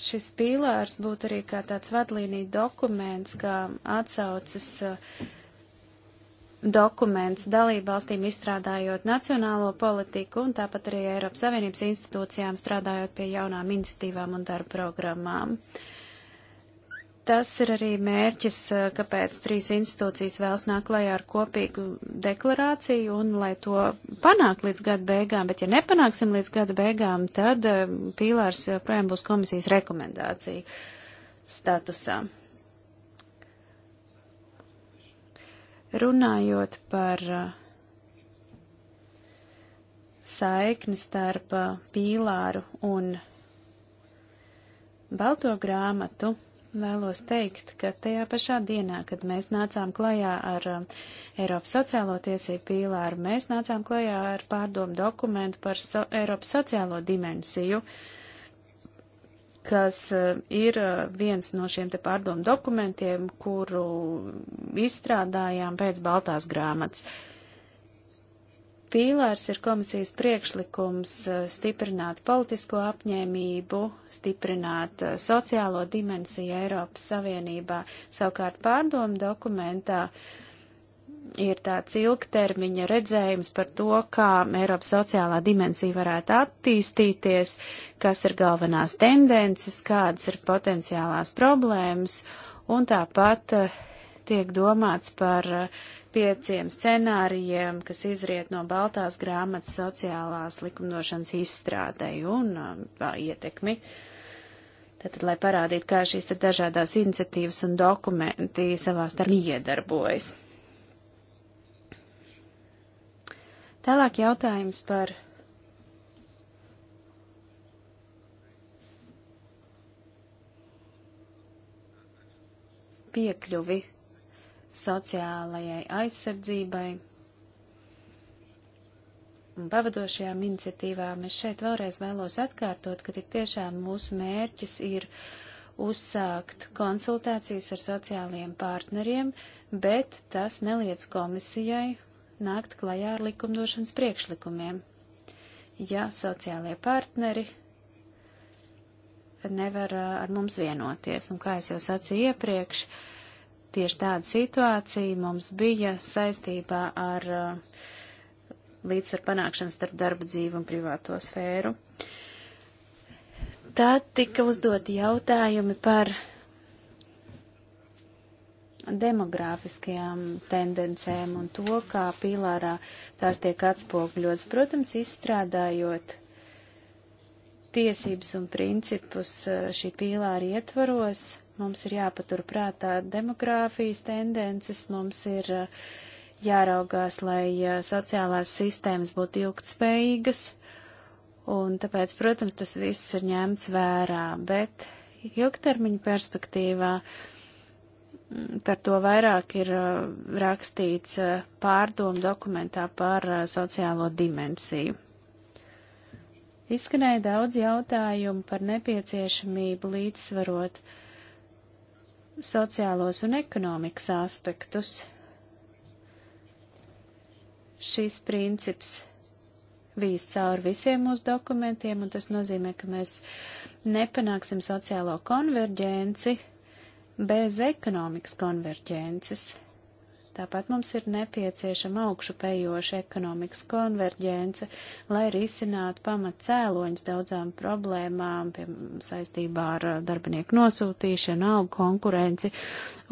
Šis pīlārs būtu arī kā tāds vadlīnija dokuments, kā atsaucas uh, dokuments dalībvalstīm izstrādājot nacionālo politiku un tāpat arī Eiropas Savienības institūcijām strādājot pie jaunām iniciatīvām un darba programmām. Tas ir arī mērķis, eh, kāpēc trīs institūcijas vēlas nāk klajā ar kopīgu deklarāciju un lai to panāk līdz gada beigām, bet ja nepanāksim līdz gada beigām, tad eh, pīlārs joprojām būs komisijas rekomendācija statusā. Runājot par uh, saikni starp uh, pīlāru un balto grāmatu, vēlos teikt, ka tajā pašā dienā, kad mēs nācām klajā ar uh, Eiropas sociālo tiesību pīlāru, mēs nācām klajā ar pārdomu dokumentu par so Eiropas sociālo dimensiju. Uh, kas e, ir e, viens no šiem te pārdomu dokumentiem, kuru izstrādājām pēc Baltās grāmatas. Pīlārs ir komisijas priekšlikums e, stiprināt politisko apņēmību, stiprināt sociālo dimensiju Eiropas Savienībā. Savukārt pārdomu dokumentā uh, ir tāds ilgtermiņa redzējums par to, kā Eiropas sociālā dimensija varētu attīstīties, kas ir galvenās tendences, kādas ir potenciālās problēmas, un tāpat eh, tiek domāts par eh, pieciem scenārijiem, kas izriet no Baltās grāmatas sociālās likumdošanas izstrādei un eh, ietekmi. Tātad, lai parādītu, kā šīs dažādās iniciatīvas un dokumenti savā starp iedarbojas. Tālāk jautājums par piekļuvi sociālajai aizsardzībai un pavadošajām iniciatīvām. Es šeit vēlreiz vēlos atkārtot, ka tik tiešām mūsu mērķis ir uzsākt konsultācijas ar sociālajiem partneriem, bet tas neliec komisijai nākt klajā ar likumdošanas priekšlikumiem, ja sociālie partneri nevar uh, ar mums vienoties. Un kā es jau sacīju iepriekš, tieši tāda situācija mums bija saistībā ar uh, līdzsvaru panākšanu starp darba dzīvu un privāto sfēru. Tad tika uzdoti jautājumi par demogrāfiskajām tendencēm un to, kā pīlārā tās tiek atspogļotas. Protams, izstrādājot tiesības un principus eh, šī pīlāra ietvaros, mums ir jāpatur prātā demogrāfijas tendences, mums ir eh, jāraugās, lai eh, sociālās sistēmas būtu ilgtspējīgas, un tāpēc, protams, tas viss ir ņemts vērā, bet ilgtermiņa perspektīvā uh, par to vairāk ir uh, rakstīts uh, pārdomu dokumentā par uh, sociālo dimensiju. Izskanēja daudz jautājumu par nepieciešamību līdzsvarot sociālos un ekonomikas aspektus. Šis princips bijis cauri visiem mūsu dokumentiem, un tas nozīmē, ka mēs nepanāksim sociālo konverģenci, bez ekonomikas konverģences. Tāpat mums ir nepieciešama augšupējoša ekonomikas konverģence, lai risinātu pamat cēloņus daudzām problēmām pie, saistībā ar uh, darbinieku nosūtīšanu, algu konkurenci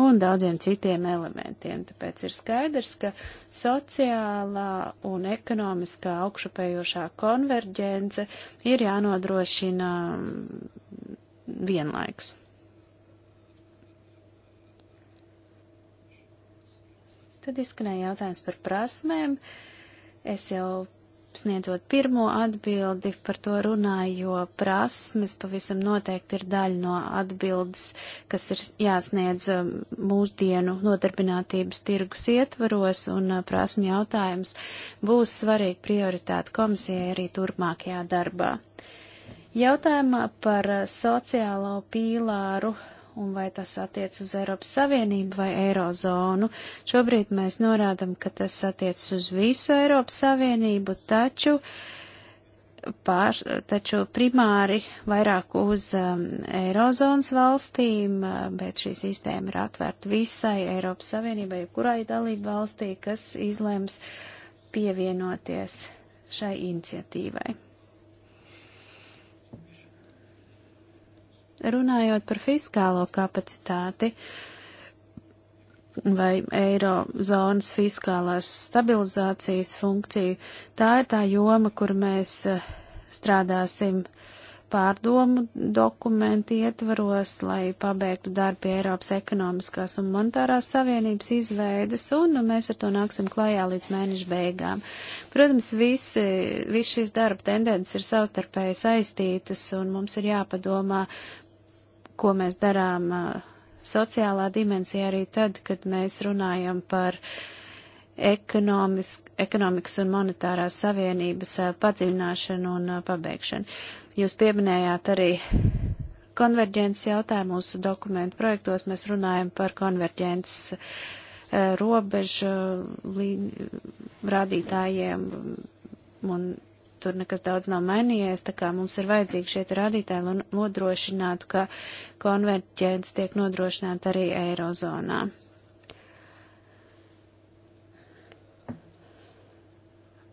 un daudziem citiem elementiem. Tāpēc ir skaidrs, ka sociālā un ekonomiskā augšupējošā konverģence ir jānodrošina mm, vienlaikus. Tad izskanēja jautājums par prasmēm. Es jau sniedzot pirmo atbildi par to runāju, jo prasmes pavisam noteikti ir daļa no atbildes, kas ir jāsniedz um, mūsdienu nodarbinātības tirgus ietvaros, un uh, prasme jautājums būs svarīgi prioritāte komisijai arī turpmākajā darbā. Jautājumā par uh, sociālo pīlāru un vai tas attiec uz Eiropas Savienību vai Eirozonu. Šobrīd mēs norādam, ka tas attiec uz visu Eiropas Savienību, taču, pār, taču primāri vairāk uz um, Eirozonas valstīm, uh, bet šī sistēma ir atvērta visai Eiropas Savienībai, kurai dalību valstī, kas izlems pievienoties šai iniciatīvai. Runājot par fiskālo kapacitāti vai eirozonas fiskālās stabilizācijas funkciju, tā ir tā joma, kur mēs eh, strādāsim pārdomu dokumentu ietvaros, lai pabeigtu darbu pie Eiropas ekonomiskās un monetārās savienības izveidas, un nu, mēs ar to nāksim klajā līdz mēneša beigām. Protams, visi, visi šīs darba tendences ir savstarpēji saistītas, un mums ir jāpadomā ko mēs darām uh, sociālā dimensija arī tad, kad mēs runājam par ekonomikas un monetārās savienības uh, padziļināšanu un uh, pabeigšanu. Jūs pieminējāt arī konverģences jautājumu mūsu dokumentu projektos. Mēs runājam par konverģences robežu rādītājiem un tur nekas daudz nav mainījies, tā kā mums ir vajadzīgi šie rādītāji, lai nodrošinātu, ka konverģents tiek nodrošināta arī Eirozonā.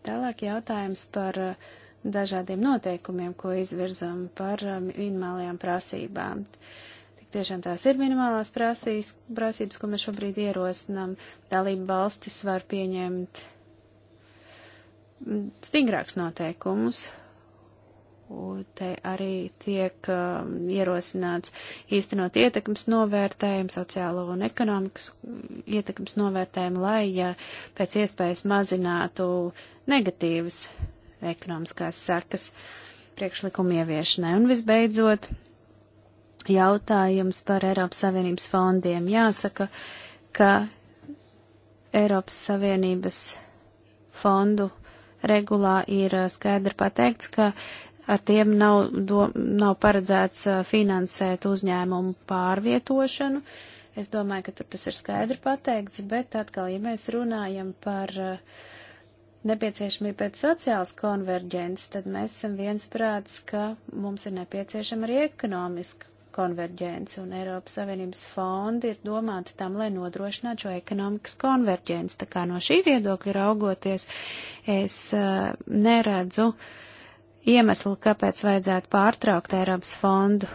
Tālāk jautājums par uh, dažādiem noteikumiem, ko izvirzam par uh, minimālajām prasībām. Tik tiešām tās ir minimālās prasīs, prasības, ko mēs šobrīd ierosinām. Dalība valstis var pieņemt stingrāks noteikumus. Un te arī tiek uh, ierosināts īstenot ietekmes novērtējumu, sociālo un ekonomikas ietekmes novērtējumu, lai ja pēc iespējas mazinātu negatīvas ekonomiskās sekas priekšlikuma ieviešanai. Un visbeidzot, jautājums par Eiropas Savienības fondiem. Jāsaka, ka Eiropas Savienības fondu regulā ir skaidri pateikts, ka ar tiem nav, do, nav paredzēts finansēt uzņēmumu pārvietošanu. Es domāju, ka tur tas ir skaidri pateikts, bet atkal, ja mēs runājam par nepieciešamību pēc sociālas konverģences, tad mēs esam viensprāts, ka mums ir nepieciešama arī ekonomiska konverģenci, un Eiropas Savienības fondi ir domāti tam, lai nodrošinātu šo ekonomikas konverģenci. Tā kā no šī viedokļa raugoties, es uh, neredzu iemeslu, kāpēc vajadzētu pārtraukt Eiropas fondu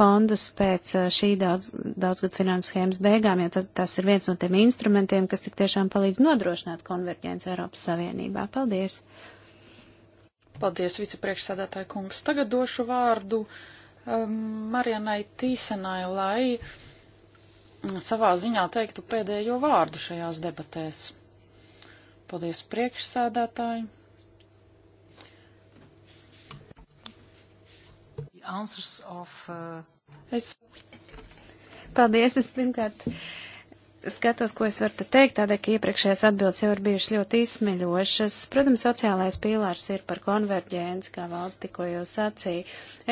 fondus pēc eh, šī daudz, daudzgad finanses schēmas beigām, jo tas, tas ir viens no tiem instrumentiem, kas tik tiešām palīdz nodrošināt konverģenci Eiropas Savienībā. Paldies! Paldies, vicepriekšsādātāja kungs. Tagad došu vārdu uh, Um, Marianai Tīsenai, lai mm, savā ziņā teiktu pēdējo vārdu šajās debatēs. Paldies priekšsēdētāji. Of, uh... es... Paldies, es pirmkārt. Uh, skatos, ko es varu te teikt, tādēļ, ka iepriekšējās atbildes jau ir bijušas ļoti izsmeļošas. Protams, sociālais pīlārs ir par konverģenci, kā valsts tikko jau sacīja.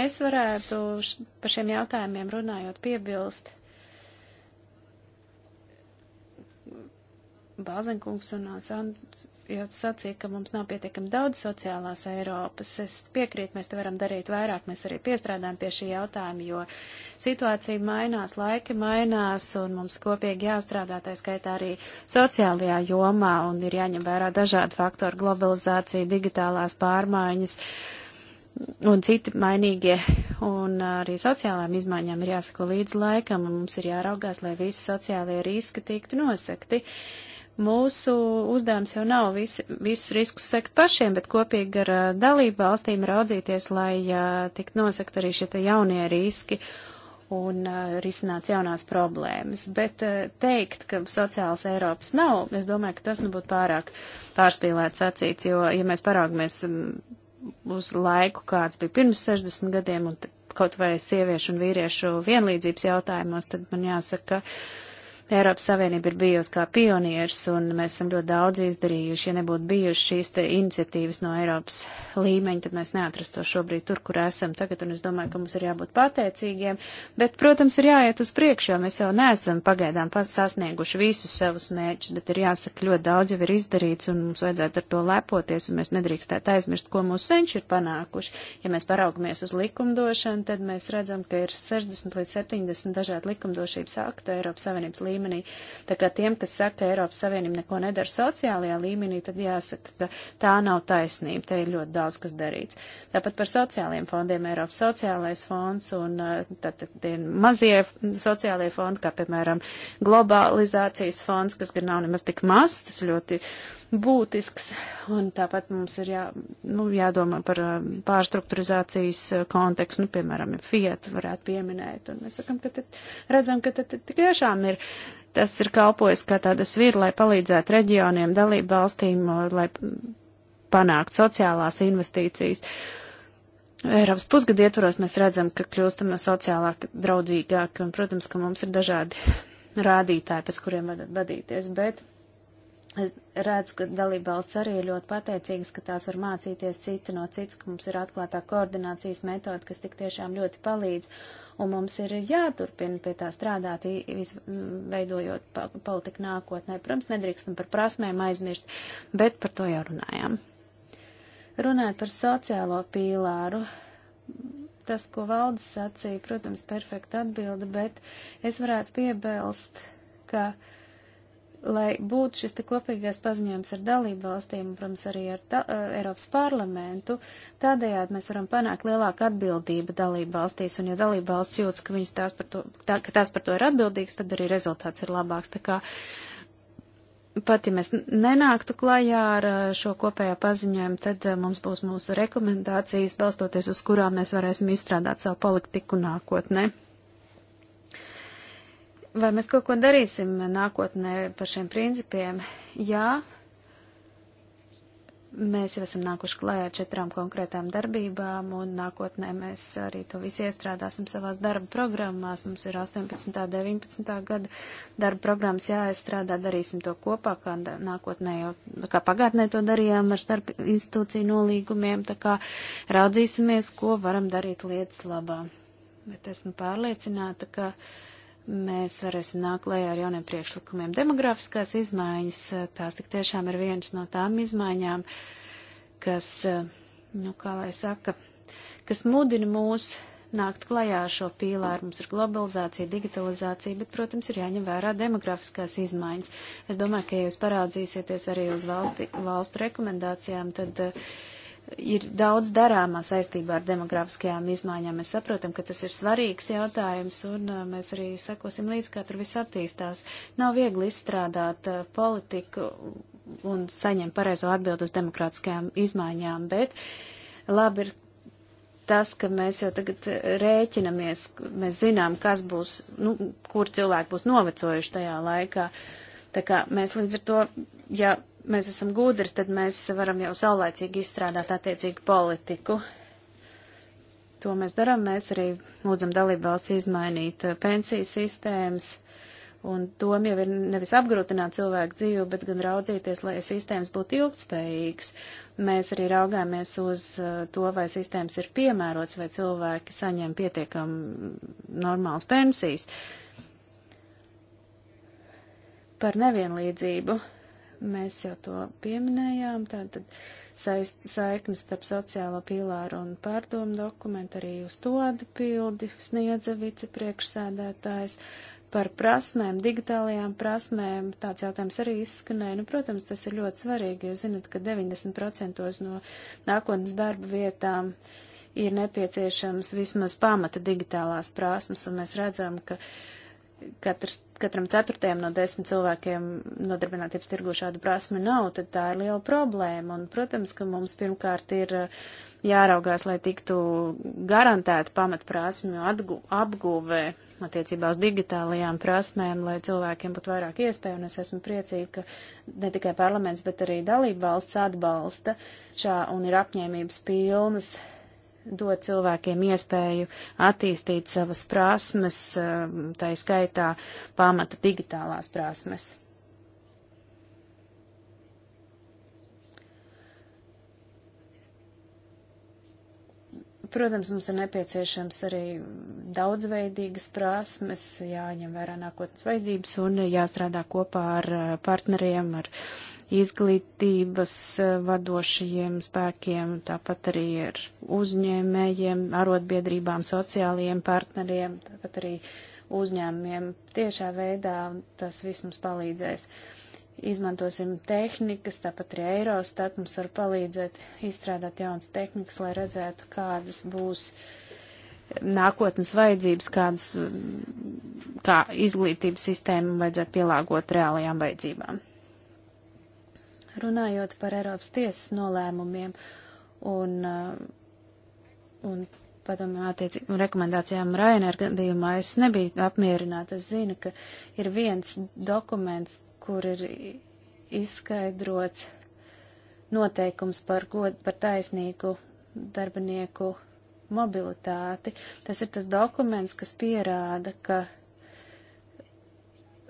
Es varētu par šiem jautājumiem runājot piebilst. Bāzenkungs un Sand jau sacīja, ka mums nav pietiekami daudz sociālās Eiropas. Es piekrītu, mēs te varam darīt vairāk, mēs arī piestrādājam pie šī jautājuma, jo situācija mainās, laiki mainās, un mums kopīgi jāstrādā, tā skaitā arī sociālajā jomā, un ir jāņem vērā dažādi faktori - globalizācija, digitālās pārmaiņas. Un citi mainīgie, un arī sociālām izmaiņām ir jāsako līdz laikam, un mums ir jāraugās, lai visi sociālie riski tiktu nosakti. Uh, Mūsu uzdevums jau nav visi, visus riskus sekt pašiem, bet kopīgi ar dalību valstīm raudzīties, lai tik nosakt arī šie jaunie riski un risināts jaunās problēmas. Bet teikt, ka sociālas Eiropas nav, es domāju, ka tas nu būtu pārāk pārspīlēts sacīts, jo, ja mēs paraugamies uz laiku, kāds bija pirms 60 gadiem, un kaut vai sieviešu un vīriešu vienlīdzības jautājumos, tad man jāsaka, ka Eiropas Savienība ir bijusi kā pionieris, un mēs esam ļoti daudz izdarījuši. Ja nebūtu bijuši šīs te iniciatīvas no Eiropas līmeņa, tad mēs neatrastos šobrīd tur, kur esam tagad, un es domāju, ka mums ir jābūt pateicīgiem. Bet, protams, ir jāiet uz priekšu, jo mēs jau neesam pagaidām sasnieguši visus savus mērķus, bet ir jāsaka, ļoti daudz jau ir izdarīts, un mums vajadzētu ar to lepoties, un mēs nedrīkstētu aizmirst, ko mūsu senči ir panākuši. Ja mēs paraugamies uz likumdošanu, tad mēs redzam, ka ir 60 līdz 70 dažādi likumdošības aktu Eiropas Savienības līmenī līmenī. Tā kā tiem, kas saka, ka Eiropas Savienība neko nedara sociālajā līmenī, tad jāsaka, ka tā nav taisnība. Te ir ļoti daudz, kas darīts. Tāpat par sociālajiem fondiem Eiropas sociālais fonds un eh, tad tie mazie sociālajie fondi, kā piemēram globalizācijas fonds, kas gan nav nemaz tik mazs, tas ļoti būtisks, un tāpat mums ir jā, nu, jādomā par um, pārstrukturizācijas uh, kontekstu, nu, piemēram, Fiat varētu pieminēt, un mēs sakam, ka te, redzam, ka te, te tiešām ir tas ir kalpojis kā tāda svira, lai palīdzētu reģioniem, dalību valstīm, uh, lai panāktu sociālās investīcijas. Eiropas pusgadu ietvaros mēs redzam, ka kļūstam sociālāk draudzīgāki, un, protams, ka mums ir dažādi rādītāji, pēc kuriem vadīties, bet Es redzu, ka dalībvalsts arī ir ļoti pateicīgas, ka tās var mācīties cita no citas, ka mums ir atklātā koordinācijas metode, kas tik tiešām ļoti palīdz, un mums ir jāturpina pie tā strādāt, veidojot politiku nākotnē. Protams, nedrīkstam par prasmēm aizmirst, bet par to jau runājām. Runājot par sociālo pīlāru, tas, ko valdes sacīja, protams, perfekta atbilde, bet es varētu piebilst, ka. Uh, lai būtu šis te kopīgais paziņojums ar dalību valstīm un, protams, arī ar ta, uh, Eiropas parlamentu, tādējādi mēs varam panākt lielāku atbildību dalību valstīs, un ja dalību valsts jūtas, ka viņas tās par to, tā, ka tās par to ir atbildīgas, tad arī rezultāts ir labāks. Tā kā pat, ja mēs nenāktu klajā ar eh, šo kopējā paziņojumu, tad eh, mums būs mūsu rekomendācijas, balstoties uz kurām mēs varēsim izstrādāt savu politiku nākotnē. Ne? Vai mēs kaut ko darīsim nākotnē par šiem principiem? Jā, mēs jau esam nākuši klājā ar četrām konkrētām darbībām, un nākotnē mēs arī to visu iestrādāsim savās darba programmās. Mums ir 18. un 19. gada darba programmas jāiestrādā, darīsim to kopā, kā nākotnē jau, kā pagātnē to darījām ar starp institūciju nolīgumiem, tā kā raudzīsimies, ko varam darīt lietas labā. Bet esmu pārliecināta, ka. Uh, mēs varēsim nākt lejā ar jauniem priekšlikumiem. Demografiskās izmaiņas, eh, tās tik tiešām ir vienas no tām izmaiņām, kas, eh, nu, kā lai saka, kas mudina mūs nākt klajā ar šo pīlāru. Mums ir globalizācija, digitalizācija, bet, protams, ir jāņem vērā demografiskās izmaiņas. Es domāju, ka, ja jūs paraudzīsieties arī uz valsti, valstu rekomendācijām, tad uh, ir daudz darāmā saistībā ar demografiskajām izmaiņām. Mēs saprotam, ka tas ir svarīgs jautājums, un uh, mēs arī sekosim līdz, kā tur viss attīstās. Nav viegli izstrādāt uh, politiku un saņemt pareizo atbildu uz demokrātiskajām izmaiņām, bet labi ir tas, ka mēs jau tagad rēķinamies, mēs zinām, kas būs, nu, kur cilvēki būs novecojuši tajā laikā. Tā kā mēs līdz ar to, ja mēs esam gudri, tad mēs varam jau saulēcīgi izstrādāt attiecīgu politiku. To mēs darām, mēs arī lūdzam dalību valsts izmainīt uh, pensiju sistēmas, un doma jau ir nevis apgrūtināt cilvēku dzīvi, bet gan raudzīties, lai sistēmas būtu ilgtspējīgas. Mēs arī raugāmies uz uh, to, vai sistēmas ir piemērots, vai cilvēki saņem pietiekam normāls pensijas. Par nevienlīdzību Mēs jau to pieminējām, tātad saiknes starp sociālo pīlāru un pārdomu dokumentu arī uz to atbildi sniedza vicepriekšsēdētājs. Par prasmēm, digitālajām prasmēm, tāds jautājums arī izskanēja. Nu, protams, tas ir ļoti svarīgi, jo zinat, ka 90% no nākotnes darba vietām ir nepieciešams vismaz pamata digitālās prasmes, un mēs redzam, ka uh, katrs, katram ceturtajam no desmit cilvēkiem nodarbinātības tirgu šādu prasmi nav, tad tā ir liela problēma. Un, protams, ka mums pirmkārt ir uh, jāraugās, lai tiktu garantēta pamatprasmju atgu, apguvē attiecībā uz digitālajām prasmēm, lai cilvēkiem būtu vairāk iespēju. Un es esmu priecīga, ka ne tikai parlaments, bet arī dalība valsts atbalsta šā un ir apņēmības pilnas dot cilvēkiem iespēju attīstīt savas prasmes, eh, tā skaitā pamata digitālās prasmes. Protams, mums ir nepieciešams arī daudzveidīgas prasmes, jāņem vērā nākotnes vajadzības un jāstrādā kopā ar eh, partneriem, ar uh, izglītības eh, vadošajiem spēkiem, tāpat arī ar uzņēmējiem, arotbiedrībām, sociālajiem partneriem, tāpat arī uzņēmumiem. Tiešā veidā tas viss mums palīdzēs. Izmantosim tehnikas, tāpat arī Eirostat mums var palīdzēt izstrādāt jaunas tehnikas, lai redzētu, kādas būs nākotnes vajadzības, kādas, kā izglītības sistēma vajadzētu pielāgot reālajām vajadzībām runājot par Eiropas tiesas nolēmumiem un, uh, un padomā attiecīgi un rekomendācijām Rainer gadījumā, es nebiju apmierināta. Es zinu, ka ir viens dokuments, kur ir izskaidrots noteikums par, god, par taisnīgu darbinieku mobilitāti. Tas ir tas dokuments, kas pierāda, ka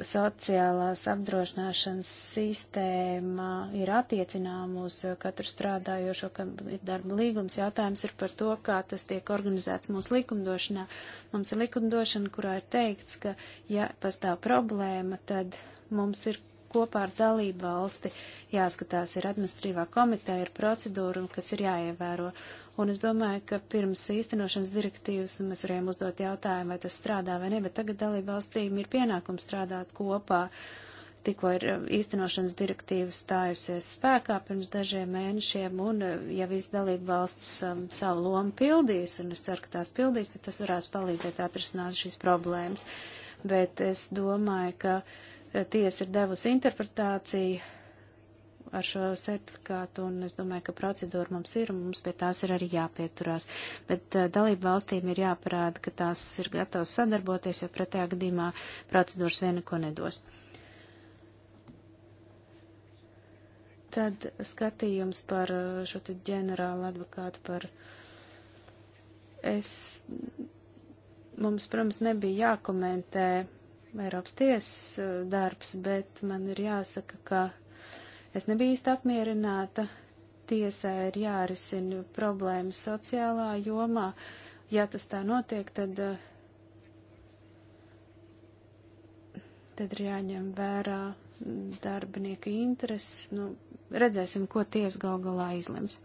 sociālās apdrošināšanas sistēma ir attiecināma uz katru strādājošo, kam ir darba līgums. Jautājums ir par to, kā tas tiek organizēts mūsu likumdošanā. Mums ir likumdošana, kurā ir teikts, ka, ja pastāv problēma, tad mums ir kopā ar dalību valsti jāskatās, ir administrīvā komiteja, ir procedūra, kas ir jāievēro. Un es domāju, ka pirms īstenošanas direktīvas, un mēs varējām uzdot jautājumu, vai tas strādā vai ne, bet tagad dalību valstīm ir pienākums strādāt kopā. Tikko ir um, īstenošanas direktīva stājusies spēkā pirms dažiem mēnešiem, un uh, ja viss dalību valsts um, savu lomu pildīs, un es ceru, ka tās pildīs, tad tas varēs palīdzēt atrisināt šīs problēmas. Bet es domāju, ka uh, tiesa ir devusi interpretāciju ar šo certifikātu, un es domāju, ka procedūra mums ir, un mums pie tās ir arī jāpieturās. Bet uh, dalību valstīm ir jāparāda, ka tās ir gatavas sadarboties, jo pretējā gadījumā procedūras viena ko nedos. Tad skatījums par eh, šo te ģenerālu advokātu par. Es, mums, protams, nebija jākomentē Eiropas tiesas eh, darbs, bet man ir jāsaka, ka Es nebiju īsti apmierināta. Tiesā ir jārisina problēmas sociālā jomā. Ja tas tā notiek, tad, eh, tad ir jāņem vērā darbinieka intereses. Nu, redzēsim, ko tiesa gal galā izlems.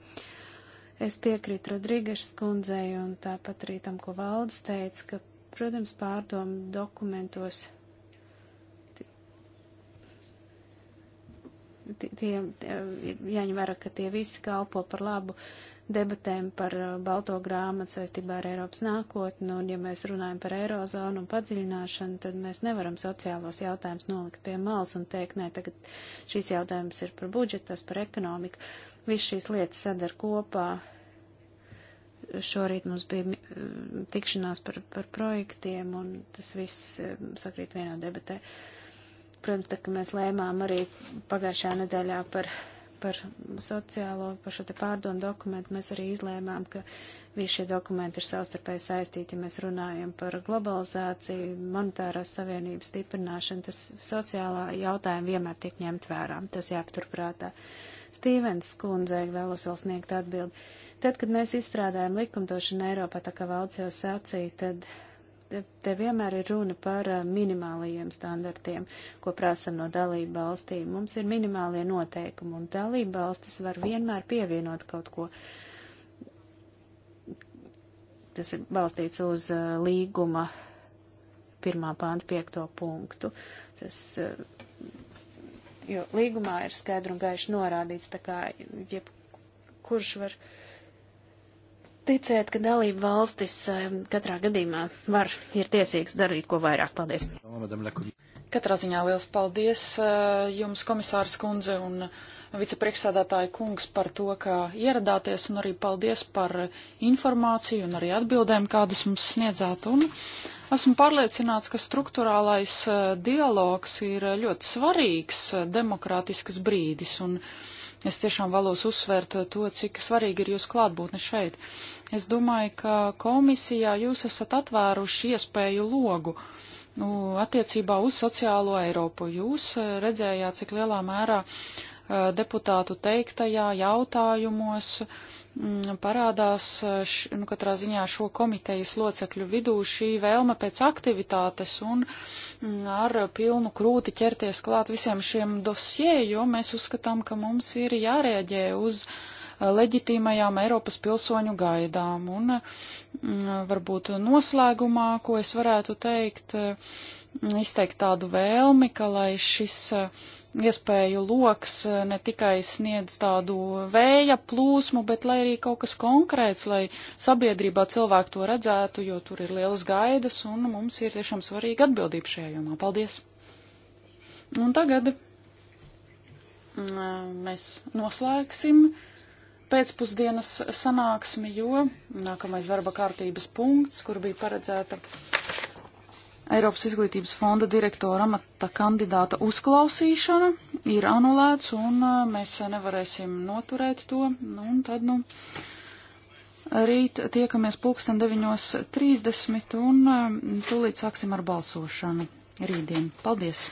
Es piekrītu Rodrīgešas kundzei un tāpat arī tam, ko valdes teica, ka, protams, pārdomu dokumentos tie, jāņem vērā, ka tie visi kalpo par labu debatēm par uh, balto grāmatu saistībā ar Eiropas nākotni, un ja mēs runājam par eirozonu un padziļināšanu, tad mēs nevaram sociālos jautājumus nolikt pie malas un teikt, nē, tagad šīs jautājums ir par budžetu, tas par ekonomiku. Viss šīs lietas sadar kopā, šorīt mums bija tikšanās par, par projektiem, un tas viss eh, sakrīt vienā debatē. Protams, tā kā mēs lēmām arī pagājušajā nedēļā par, par sociālo, par šo te pārdomu dokumentu, mēs arī izlēmām, ka visi šie dokumenti ir savstarpēji saistīti. Ja mēs runājam par globalizāciju, monetārās savienības stiprināšanu, tas sociālā jautājuma vienmēr tiek ņemt vērā. Tas jāpaturprātā. Stīvens kundzei vēlos vēl sniegt atbildi. Tad, kad mēs izstrādājam likumdošanu Eiropā, tā kā Valds jau sacīja, tad te vienmēr ir runa par eh, minimālajiem standartiem, ko prasam no dalību valstīm. Mums ir minimālie noteikumi, un dalību valstis var vienmēr pievienot kaut ko. Tas ir balstīts uz eh, līguma pirmā pānta piekto punktu. Tas, eh, jo līgumā ir skaidri un gaiši norādīts, tā kā jebkurš var. Uh, ticēt, ka dalība valstis katrā gadījumā var, ir tiesīgs darīt ko vairāk. Paldies! Katrā ziņā liels paldies eh, jums, komisārs kundze un vicepriekšsādātāja kungs, par to, ka ieradāties un arī paldies par informāciju un arī atbildēm, kādas mums sniedzāt. Un esmu pārliecināts, ka struktūrālais eh, dialogs ir ļoti svarīgs eh, demokrātisks brīdis. Un, uh, Es tiešām vēlos uzsvērt to, cik svarīgi ir jūsu klātbūtne šeit. Es domāju, ka komisijā jūs esat atvēruši iespēju logu. Nu, attiecībā uz sociālo Eiropu jūs eh, redzējāt, cik lielā mērā uh, deputātu teiktajā jautājumos uh, Mm, parādās eh, š, nu, katrā ziņā šo komitejas locekļu vidū šī vēlme pēc aktivitātes un mm, ar pilnu krūti ķerties klāt visiem šiem dosjē, jo mēs uzskatām, ka mums ir jārēģē uz eh, leģitīmajām Eiropas pilsoņu gaidām. Un mm, varbūt noslēgumā, ko es varētu teikt, eh, izteikt tādu vēlmi, ka lai šis iespēju loks eh, ne tikai sniedz tādu vēja plūsmu, bet lai arī kaut kas konkrēts, lai sabiedrībā cilvēki to redzētu, jo tur ir lielas gaidas un mums ir tiešām svarīga atbildība šajā jomā. Paldies! Un tagad mm, eh, mēs noslēgsim pēcpusdienas sanāksmi, jo nākamais darba kārtības punkts, kur bija paredzēta Eiropas izglītības fonda direktora amata kandidāta uzklausīšana ir anulēts, un uh, mēs uh, nevarēsim noturēt to. Nu, un tad, nu, rīt tiekamies pulksten 9.30, un uh, tūlīt sāksim ar balsošanu rītdien. Paldies!